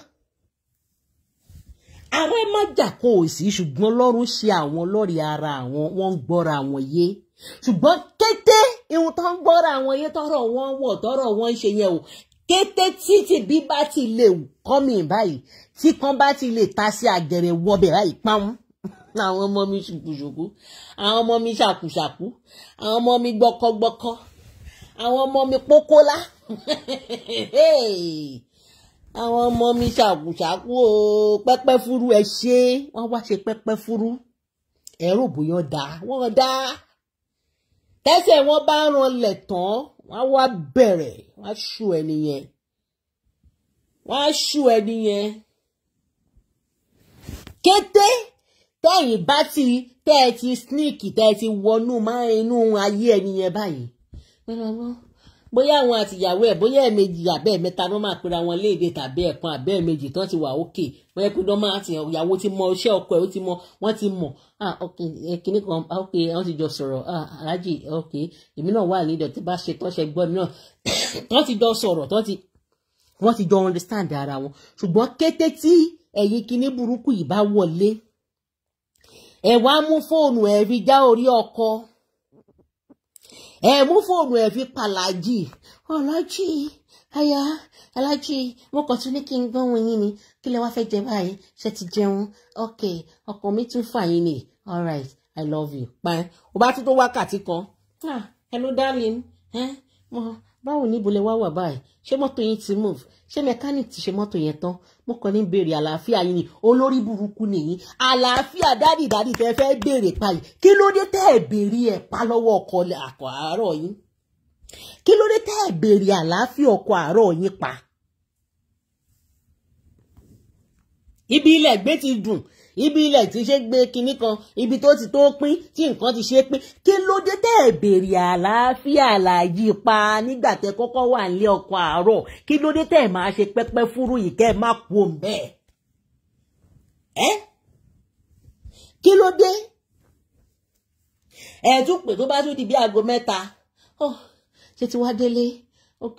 ààrẹ má jà kó o sí ṣùgbọ́n lọ́rùn ṣe àwọn lórí ara àwọn wọ́n ń gbọ́ra àwọn yé ṣùgbọ́n kété ihun tó ń gbọ́ra àwọn yé tọrọ wọn wọ̀ tọrọ wọn ṣe yẹn o kété títí bí bá ti lè kọ́ báyìí tí kan bá ti lè ta sí àgẹ̀rẹ̀ wọbẹ̀ báyìí pàmò náà àwọn ọmọ mi ṣùkùṣùkù àwọn ọmọ mi ṣàkùṣàkù àwọn ọmọ mi gbọkọgbọkọ àwọn ọmọ mi pókólá àwọn ọmọ mi ṣàkùṣàkù o pẹ́pẹ́ furu ẹ ṣe wọ́n wá ṣe pẹ́pẹ́ furu ẹ̀rọ bóyá dá wọ́n dá tẹ́sẹ̀ wọ́n bá ranlẹ̀ tán wọ́n wá bẹ̀rẹ̀ wọ́n ṣù ẹni yẹn wọ́n ṣù ẹni yẹn kété tẹ́yìn bá ti tẹ́ ẹ ti sneak tẹ́ ẹ ti wọnú máa inú ayé ẹni yẹn báyìí bóyá àwọn àtìyàwó ẹ̀ bóyá ẹ̀ẹ̀mejì àbẹ́ ẹ̀mẹ́ta ló máa pera wọn léèdè tàbí ẹ̀kan àbẹ́ ẹ̀ẹ̀mejì tán ti wà òkè wọ́n yẹ kó dán máa ti ìyàwó ti mọ iṣẹ́ ọkọ ẹ̀ ó ti mọ wọ́n ti mọ̀ kíní kan ok wọ́n ti jọ sọ̀rọ̀ aláàjì ok èmi náà wà nídọ̀ tí bá ṣe tọ́ṣẹ gbọ́ mi náà tán ti jọ sọ̀rọ̀ tán ti wọ́n ti jọ understand ara wọn ṣùgbọ́n kété tí ẹ̀yin kíní burúkú yìí bá wọlé ẹ wá mú fóònù ẹ fi já orí ọkọ ẹ mú fóònù ẹ fi pàlàjì ọlọ́jì aya alájì mo kàn tún ní kí n gbọ́n wọn yín ni kí lẹ wá fẹ́ jẹ báyìí ṣe ti jẹun ok ọkọ mi tún fà yín ni all right i love you bye o bá tún tó wákàtí kan ah hello darling eh? mo báwo níbo lẹ wá wà báyìí ṣé mọ́tò yín ti move ṣé mẹkáníìkì ti ṣe mọ́tò yẹn tán mo kàn ní béèrè àlàáfíà yìí ni olórí burúkú nìyí àlàáfíà dádì dádì tẹ fẹ́ béèrè pa yìí kí ló dé tẹ́ ẹ̀ béèrè ẹ̀ pa lọ́wọ́ ọkọ àkọ́ àárọ̀ yín kí ló dé tẹ́ ẹ̀ béèrè àlàáfíà ọkọ àárọ̀ yín pa ibi ilẹ̀ gbé ti dùn ibi ilẹ̀ tí ṣe gbé kinní kan ibi tó ti tó pín tí nǹkan ti ṣe pín kí ló dé tẹ́ ẹ̀ béèrè àlàáfíà àlàyé pa nígbà tẹ́ kọ́kọ́ wà nílé ọkọ àárọ̀ kí ló dé tẹ́ ẹ̀ máa ṣe pẹ́pẹ́ fúrú yìí kẹ́ ẹ̀ má kú òun bẹ́ẹ̀ ẹ́ kí ló dé ẹ̀ tún pè tó bá tún di bí aago mẹ́ta oh, ṣe ti wá délé oh,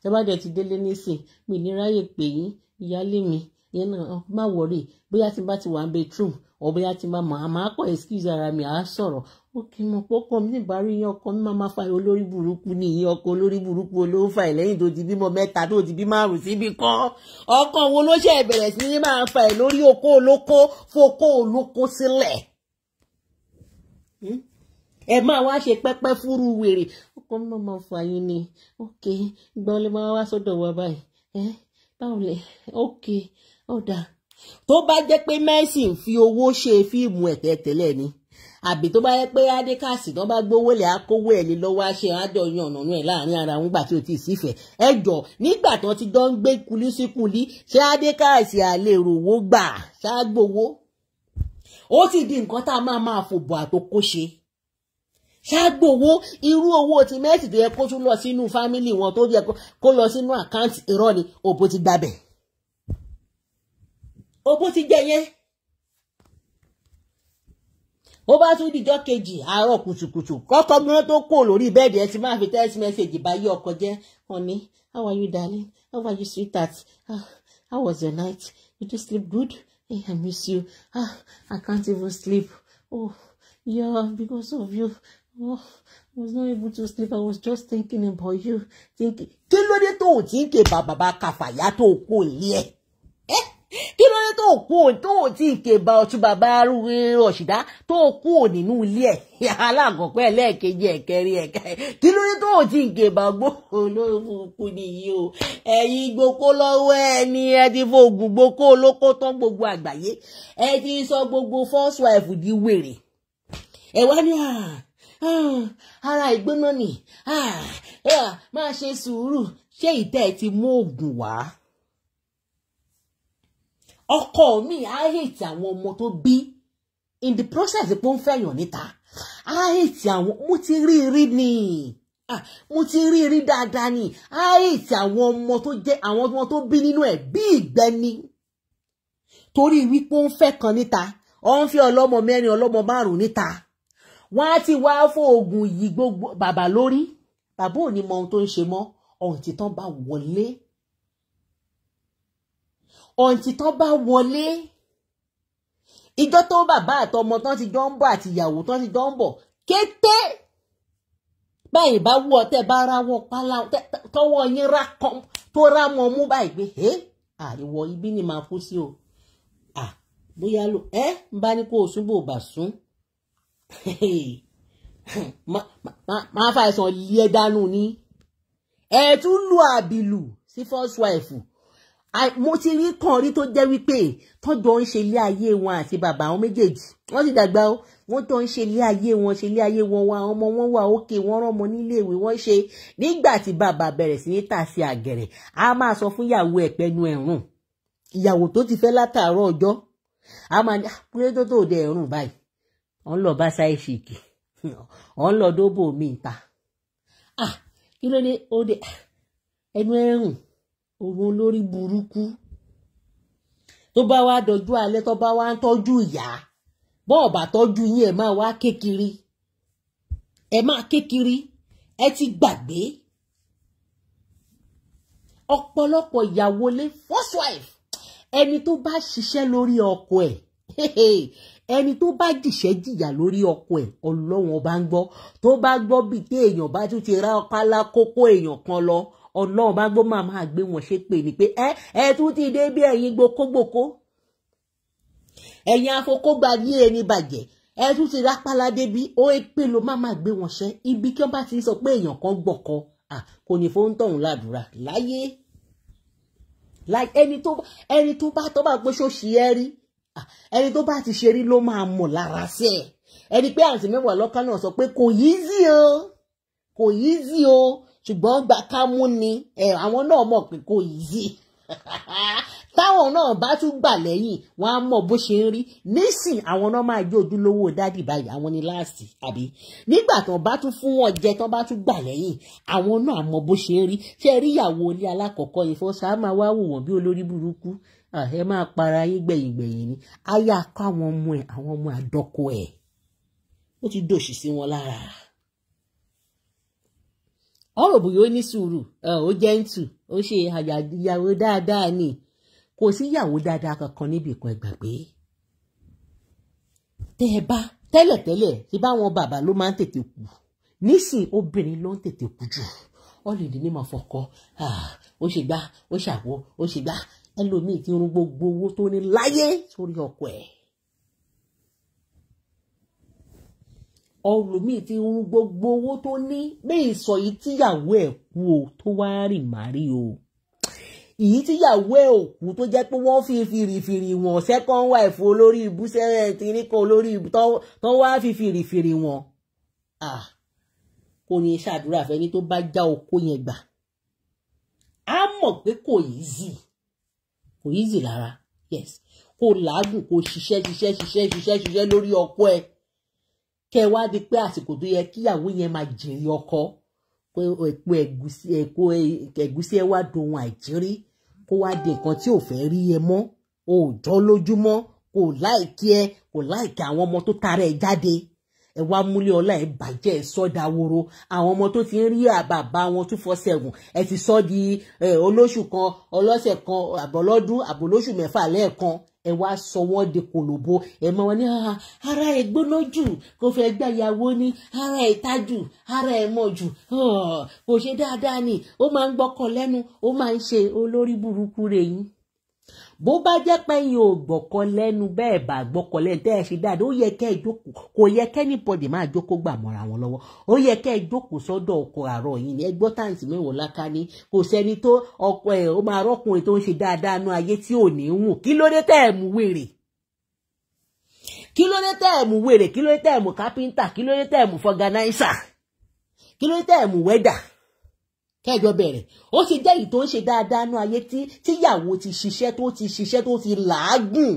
ṣe bá dẹ̀ ti délé nísìn mi ní pè yín ìyáálé mi yẹn náà má wọrí bóyá tí n bá ti wà ń bedroom or bóyá tí n bá mọ̀ àmọ́ akọ excuse ara mi àá sọ̀rọ̀ ó kì í mọ̀ pọ́kọ mi nígbà rí iyan ọkọ mi máa ma fa olórí burúkú ní iye ọkọ olórí burúkú olówó fa ìlẹ́yìn tó ti bímọ mẹ́ta tó ti bí márùn síbi kan ọkọ wo ló ṣe ìbẹ̀rẹ̀ sí ní máa fa ẹ̀ lórí okó olóko fokó olóko sílẹ̀ hmm? ẹ máa wá ṣe pẹ́pẹ́ fúru wèrè ọkọ mi máa fa yín ni ok gbọ́n lè máa wá sọ́dọ̀ wa báyìí ẹ báwo lè ok ó dáa tó bá jẹ́ pé Mercy ń fi owó ṣe fíìmù ẹ̀tẹ̀ tẹ́lẹ̀ ni àbí tó bá yẹ pé adékàsì tó bá gbówó lẹ̀ akówó ẹ̀ lé lọ́wọ́ àṣẹ àjọ yan ọ̀nà ẹ̀ láàrin ara wọn gbà tí o ti sífẹ̀ ẹ jọ nígbà tó ti dán gbé kulí sí kulí ṣé adékàsì àlè rówó gbà ṣáàgbówó ó sì di nǹkan tá a máa máa fòbò àtòkó ṣe ṣáàgbówó irú owó ti Mercy tó yẹ kó tún lọ sínú fámìlì wọn tó yẹ kó lọ sínú àkáǹtì irọ́ ni òbó ti gbàbẹ̀ ó bó ti jẹ yẹn ó bá tún dìjọ́ kejì àárọ̀ kùtùkùtù kọ́kọ́ gbọ́n tó kò lórí bẹ́ẹ̀dì ẹ ti máa fi text message bá yí ọkọ jẹ́ honey how are you darling how are you sweetheart ah, how was your night you do sleep good hey, i miss you ah, i can't even sleep oh yeah because of you oh i was not able to sleep i was just thinking about you thinking kí ló dé tó ò tí ń ké bàbá kàfàyà tó kò lé ẹ̀ kí ló dé tó kú tó ti kèbà ọ̀túnba bárúwé ọ̀ṣìdá tó kú nínú ilé ẹ̀ alákọ̀ọ́pẹ́ ẹlẹ́ẹ̀kejì ẹ̀kẹrin ẹ̀ka kí ló dé tó ti kèbà gbòòrò lóhùn kú nìyí o ẹ̀yin gboko lọ́wọ́ ẹni ẹ ti fògùn gboko olóko tán gbogbo àgbáyé ẹ ti sọ gbogbo first wife di wèrè ẹ wá ní à ah, ah, ara ìgbóná ni ah, máa ṣe sùúrù ṣé ìtẹ́ ti mú oògùn wá ọkọ mi á hate àwọn ọmọ tó bí in the process pé ó ń fẹ́yàn níta á hate àwọn mo ti rí rí ni ah, mo ti rí rí dáadáa ni á hate àwọn ọmọ tó jẹ́ àwọn ọmọ tó bí nínú ẹ̀ bí ìgbẹ́ni torí wípé ó ń fẹ́ kan níta ó ń fẹ́ ọlọ́mọ mẹ́rin ọlọ́mọ márùn-ún níta wọ́n á ti wá fóògùn yìí gbogbo bàbá lórí bàbá ò ní mọ ohun tó ń ṣe mọ́ ọ̀hún títàn bá wọlé ọ̀ǹtí tán bá wọlé ìjọ tó bàbá àtọmọ tán ti jọ ń bọ̀ àti ìyàwó tán ti jọ ń bọ̀ kété báyìí bá wú ọtẹ bá ráwọ pálá tọwọ́ yín rá kan tó rá mọ mú báyìí pé ẹ àìwọ ibi ni màá kú sí o bóyá lò ẹ ń bá ní kó o sún bò bá sún máa fa àìsàn lé dánú ni ẹ tún lu àbìlù sí first wife mo ti rí kan rí tó jẹ́ wípé tọ́jọ́ ń ṣe ilé ayé wọn àti bàbá àwọn méjèèjì wọ́n ti dàgbà ó wọ́n tó ń ṣe ilé ayé wọn ṣe ilé ayé wọn wa ọmọ wọn wà òkè wọ́n rán ọmọ nílé ìwé wọ́n ṣe nígbà tí bàbá bẹ̀rẹ̀ sí ní tà sí àgẹ̀rẹ̀ a máa sọ fún ìyàwó ẹ̀ pẹ́nu ẹ̀rùn ìyàwó tó ti fẹ́ látàárọ̀ ọjọ́ a máa ní pé ah, tó tó dẹ̀ ẹ̀rùn báyìí ọ̀n lọ bá sáì ṣìkì ọ̀n lọ dóbò mi ta ah, kí ló dé ó dé ah, ẹnu ẹ̀rùn òun lórí burúkú tó bá wá dọjú alẹ́ tó bá wá ń tọ́jú ìyá bọ́ọ̀ bá tọ́jú yín ẹ̀ máa wá kékeré ẹ̀ máa kékeré ẹ ti gbàgbé ọ̀pọ̀lọpọ̀ ìyàwó lé first wife ẹni tó bá ṣiṣẹ́ lórí ọkọ ẹ̀ ẹni tó bá jìṣẹ́ jìyà lórí ọkọ ẹ̀ ọlọ́wọ́n bá ń gbọ́ tó bá gbọ́ bíi pé èèyàn bá tún ti ra ọpálá èèyàn kan lọ ọlọ́run bá gbọ́ máa máa gbé wọn ṣe pè ní pé ẹ ẹ tún ti dé bí ẹ̀yin gbokógbòkó ẹ̀yin afokógba yé ẹni bàjẹ́ ẹ tún ti rápálá débi ó pè ló máa máa gbé wọn ṣe ibi kí wọ́n bá ti sọ pé èèyàn kan gbọ̀kan kò ní fóun tọ̀hún ládùúrà láyé ẹni tó ẹni tó bá tọ́ bá pé ṣóṣì ẹ rí ẹni tó bá ti ṣe rí ló máa mọ̀ lára sí ẹni pé àǹtí mẹ́wàá lọ́kàn náà sọ pé kò yí sí o kò yí sí o ṣùgbọ́n gba kámú ni àwọn náà mọ̀ pé kò yí táwọn náà bá tún gbà lẹ́yìn wọ́n á mọ̀ bó ṣe ń rí nísìn àwọn náà máa jẹ́ ojúlówó dádì báyìí àwọn ni láàsì àbí nígbà tán bá tún fún wọn jẹ tán bá tún gbà lẹ́yìn àwọn náà mọ̀ bó ṣe ń rí ṣe rí ìyàwó ilé alákọ̀ọ́kọ́ ìfọ́ sáà máa wá wò wọ́n bí olórí burúkú ẹ máa para yín gbẹ̀yìn gbẹ̀yìn ni ayé akọ àwọn ọmọ ẹ̀ àwọn ọmọ àdọ́kọ ẹ̀ ó ti dòṣì sí wọn lára ọ̀rọ̀ bùyó ní sùúrù ó jẹ́ǹtù ó ṣe àyàwó dáadáa ni kò sí ìyàwó dáadáa kankan níbi kan ẹgbàgbé tẹ́ ẹ bá tẹ́lẹ̀tẹ́lẹ̀ tí báwọn bàbá ló máa ń tètè kú nísìn obìnrin ló ń tètè kú jù ọ̀lẹ́dì ní màá fọkọ ó ṣe gbá ó ṣàwọ ó ṣe gbá ẹlòmíì ti run gbogbo owó tó ní láyé sórí ọkọ ẹ̀ ọrùn míì ti ń gbogbo owó tó ní bẹ́ẹ̀ sọ yìí tíyàwó ẹ̀ kú o tó wá rìn màrí o ìyí tíyàwó ẹ̀ òkú tó jẹ́ pé wọ́n fi fìrìfìrì wọn second wife olórí ibùsẹ̀ tìrín kan olórí tó wá fi fìrìfìrì wọn kò ní ṣàdúrà fẹ́ni tó bá já okó yẹn gbà á mọ̀ pé kò easy kò easy rárá yes kò làágùn kò ṣiṣẹ́ ṣiṣẹ́ ṣiṣẹ́ ṣiṣẹ́ ṣiṣẹ́ lórí ọkọ ẹ̀ kẹ wá di pé àsìkò tó yẹ kíyàwó yẹn máa jèrè ọkọ pé èpo ẹ̀gúsí èpo ẹ̀gúsí ẹ wá dohun àìjírí kó wá di nǹkan tí ò fẹ́ rí ẹ mọ́ ò jọ lójúmọ́ kò láìkí ẹ kò láìkí àwọn ọmọ tó tara ẹ jáde ẹ wá múlé ọlá ẹ bàjẹ́ ẹ sọ́dà woro àwọn ọmọ tó ti ń rí àbàbà wọn tún fọ́ sẹ́gun ẹ ti sọ di olóṣù kan ọlọ́sẹ̀ kan àbọ̀lọ́dún àbọ̀lóṣù mẹ́fà lẹ́ẹ̀kan ẹ wá sọ wọ́n di kòlòbó ẹ mọ wọn ní ara ẹ gbóná jù kò fẹ́ gbà yàwó ní ara ẹ ta jù ara ẹ mọ̀ jù kò ṣe dáadáa ni ó máa ń gbọ́kọ̀ lẹ́nu ó máa ń ṣe olórí burúkú rẹ̀ yín bó bá jẹ́ pé yín ò gbọ́kọ̀ lẹ́nu bẹ́ẹ̀ bá gbọ́kọ̀ lẹ́nu tẹ́ ẹ ṣe dáadáa ó yẹ kẹ́ ẹ jókòó kò yẹ kẹ́ nípọ̀dì máa jókòó gbà mọ́ra wọn lọ́wọ́ ó yẹ kẹ́ ẹ jókòó sọ́dọ̀ ọkọ àárọ̀ yìí ni ẹgbọ́ táǹtì mẹ́wọ̀n láká ní kò sẹ́ni tó ọkọ ẹ̀ ó máa rọ́kùnrin tó ń ṣe dáadáa nú ayé tí ò ní wù kí ló dé tẹ́ ẹ̀ mú wèrè kí ló dé tẹ́ ẹ̀ mú wèrè kí ló dé tẹ́ ẹ̀ mú kẹjọ bẹ̀rẹ̀ ó ti jẹ́ èyí tó ń ṣe dáadáa nú ayé tí tíyàwó ti ṣiṣẹ́ tó ti ṣiṣẹ́ tó ti làágùn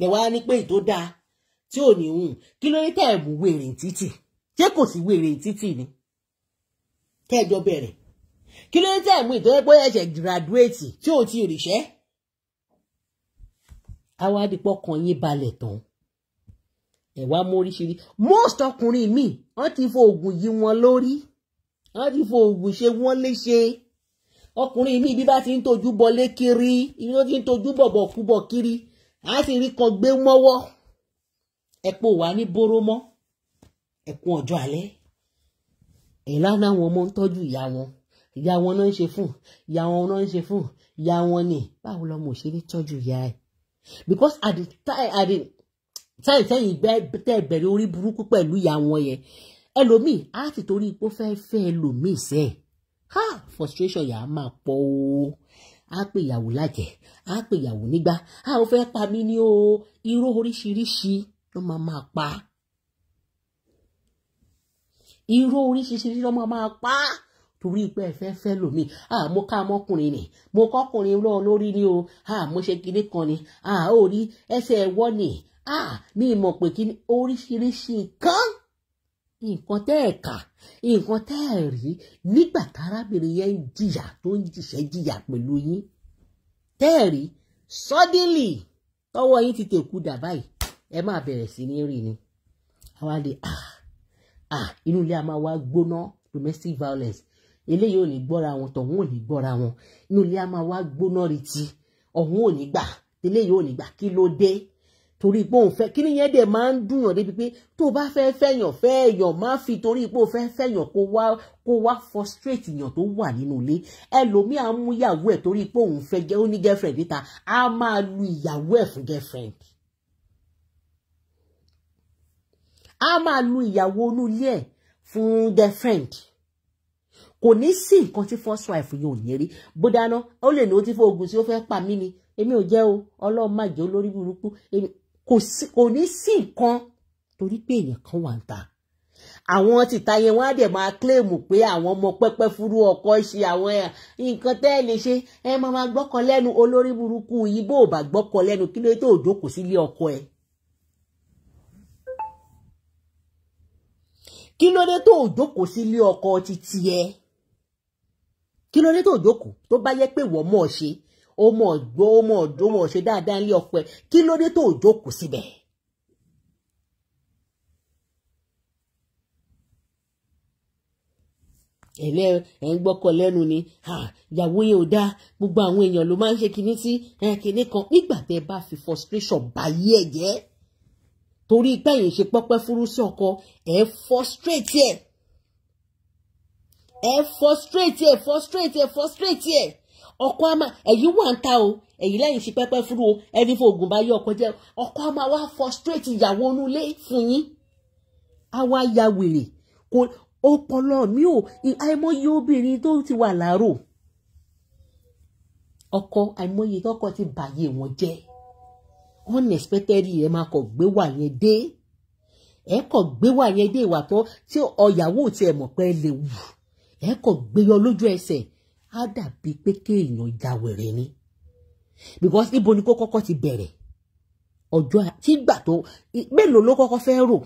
lẹwà ní pé èyí tó dáa tí ò ní hùn kí ló ní tẹ ẹ mú wèrè títì ṣé kò sí wèrè títì ni kẹjọ bẹ̀rẹ̀ kí ló ní tẹ ẹ mú ìtọ́jú pé ẹ̀ṣẹ̀ gírádùétì tí ò ti rìṣẹ́ àwa adìpọ̀ kan yín balẹ̀ tán ẹ̀ wá móríṣiríṣi most ọkùnrin mi wọ́n ti fo oògùn yí wọn lórí wọ́n ti fo oògùn ṣe wọ́n léṣe ọkùnrin mi ibi bá ti ń tojú bọlé kiri ibi tó ti ń tojú bọ̀bọ̀ kúbọ̀ kiri á sì rí kan gbé mọ́wọ́ ẹ̀pọ̀ wà ní bóró mọ́ ẹ̀kún ọjọ́ alẹ́ èyí lánàá àwọn ọmọ ń tọ́jú ìyá wọn ìyá wọn náà ń ṣe fún ìyá wọn náà ń ṣe fún ìyá wọn ni báwo lọmọ ò ṣe ní tọ́jú ìyá ẹ̀ because at the time at the time sẹ́yìn tẹ́ ẹ bẹ̀rẹ̀ orí burúkú pẹ̀lú ìyá wọn yẹn ẹlòmíì á ti torí pé ó fẹ́ fẹ́ ẹlòmíì sẹ́ ha frustration yà á máa pọ̀ o á pè ìyàwó lájẹ̀ á pè ìyàwó nígbà á ò fẹ́ pa mí ní o irọ́ oríṣiríṣi ló máa máa pa irọ́ oríṣiríṣi ló máa máa pa torí pé ẹ fẹ́ fẹ́ lòmíì à mo ká ọmọkùnrin ni mo kọkùnrin lọ lórí ni o à mo ṣe kinní kan ni à ó rí ẹsẹ̀ ẹ̀wọ́ ni à mi mọ̀ pé kí ni oríṣiríṣi kan nǹkan tẹ́ ẹ̀ kà nǹkan tẹ́ ẹ̀ rí nígbà tárábìnrin yẹn ń jìyà tó ń jìṣẹ́ jìyà pẹ̀lú yín tẹ́ ẹ̀ rí suddenly tọwọ́ yín ti tẹ̀kú dà báyìí ẹ máa bẹ̀rẹ̀ sí ní rìn ni àwa lè ah ah inú ilé a máa wá gbóná domestic violence eléyìí ò ní gbọ́ra wọn tọ̀hún ò ní gbọ́ra wọn inú ilé a máa wá gbóná retí ọ̀hún ò ní gbà eléyìí ò ní gbà kí ló dé torí pé òun fẹ́ kí ni yẹn dẹ̀ máa ń dùnyàn débi pé tó o bá fẹ́ fẹ́yàn fẹ́yàn má fi torí pé o fẹ́ fẹ́yàn kó wá kó wá frustrate yàn tó wà nínú ilé ẹlòmíì á mú ìyàwó ẹ̀ torí pé òun fẹ́ jẹ́ ó ní girlfriend níta á máa lu ìyàwó ẹ̀ fún girlfriend. á máa lu ìyàwó inú ilé ẹ̀ fún girlfriend kò ní sí nǹkan tí first wife yóò ní rí bó dáná ó lè ní ó ti fọ oògùn tí ó fẹ́ pa mí ni èmi ò jẹ́ o ọlọ́run má jẹ́ olórí burúkú èmi kò ní sí nǹkan torí pé èèyàn kan wà ń ta àwọn tìta yẹn wọn á dẹ̀ máa kílèmù pé àwọn ọmọ pẹ́pẹ́ fúru ọkọ ṣe àwọn nǹkan tẹ́ ẹ lè ṣe ẹ máa máa gbọ́kọ lẹ́nu olórí burúkú yìí bó o bá gbọ́kọ lẹ́nu kí ló tó jókòó sílé ọkọ ẹ. kí ló dé tó ò jókòó sílé ọkọ títí ẹ kí ló dé tó ò jókòó tó bá yẹ pé wọ́n mọ̀ ọ́ ṣe ó mọ̀ gbó ó mọ̀ ó mọ̀ ṣe dáadáa ilé ọkọ ẹ̀ kí ló dé tó o jókòó síbẹ̀. ẹ̀lẹ́ ẹ̀ ń gbọ́kọ̀ lẹ́nu ni ìyàwó yẹn ò dáa gbogbo àwọn èèyàn ló máa ń ṣe kinní sí kinní kan nígbà tẹ́ ẹ bá fi frustration báyé ẹ̀ jẹ́ torí pé ẹ̀yin ṣe pọ́pẹ́ fúrú sí ọkọ ẹ̀ frustrate ẹ̀ ẹ̀ frustrate ẹ̀ frustrate ẹ̀ frustrate ẹ̀ ọkọ àmà ẹ̀yin wà ń ta o ẹ̀yin lẹ́yìn fi pẹ́pẹ́ fúru o ẹni fògùn bá yí ọkọ jẹ́ ọkọ àmà wá frustrate ìyàwó onúlé fún yín àwa ya wèrè kò ọpọlọ mi ò àìmọye obìnrin tó ti wà láàárọ̀ ọkọ àìmọye tọkọ ti bàyè wọn jẹ́ unexpectedly ẹ máa kọ gbé wà yẹn dé ẹ kọ gbé wà yẹn dé ìwà tó tí ọyàwó tí ẹ mọ̀ pé ẹ lè wù ẹ kọ gbé yọ lójú ẹsẹ̀ á dàbí pé kéèyàn ya wèrè ni because ibo ni kó kọ́kọ́ ti bẹ̀rẹ̀ ọjọ́ tígbà tó mélòó ló kọ́kọ́ fẹ́ rò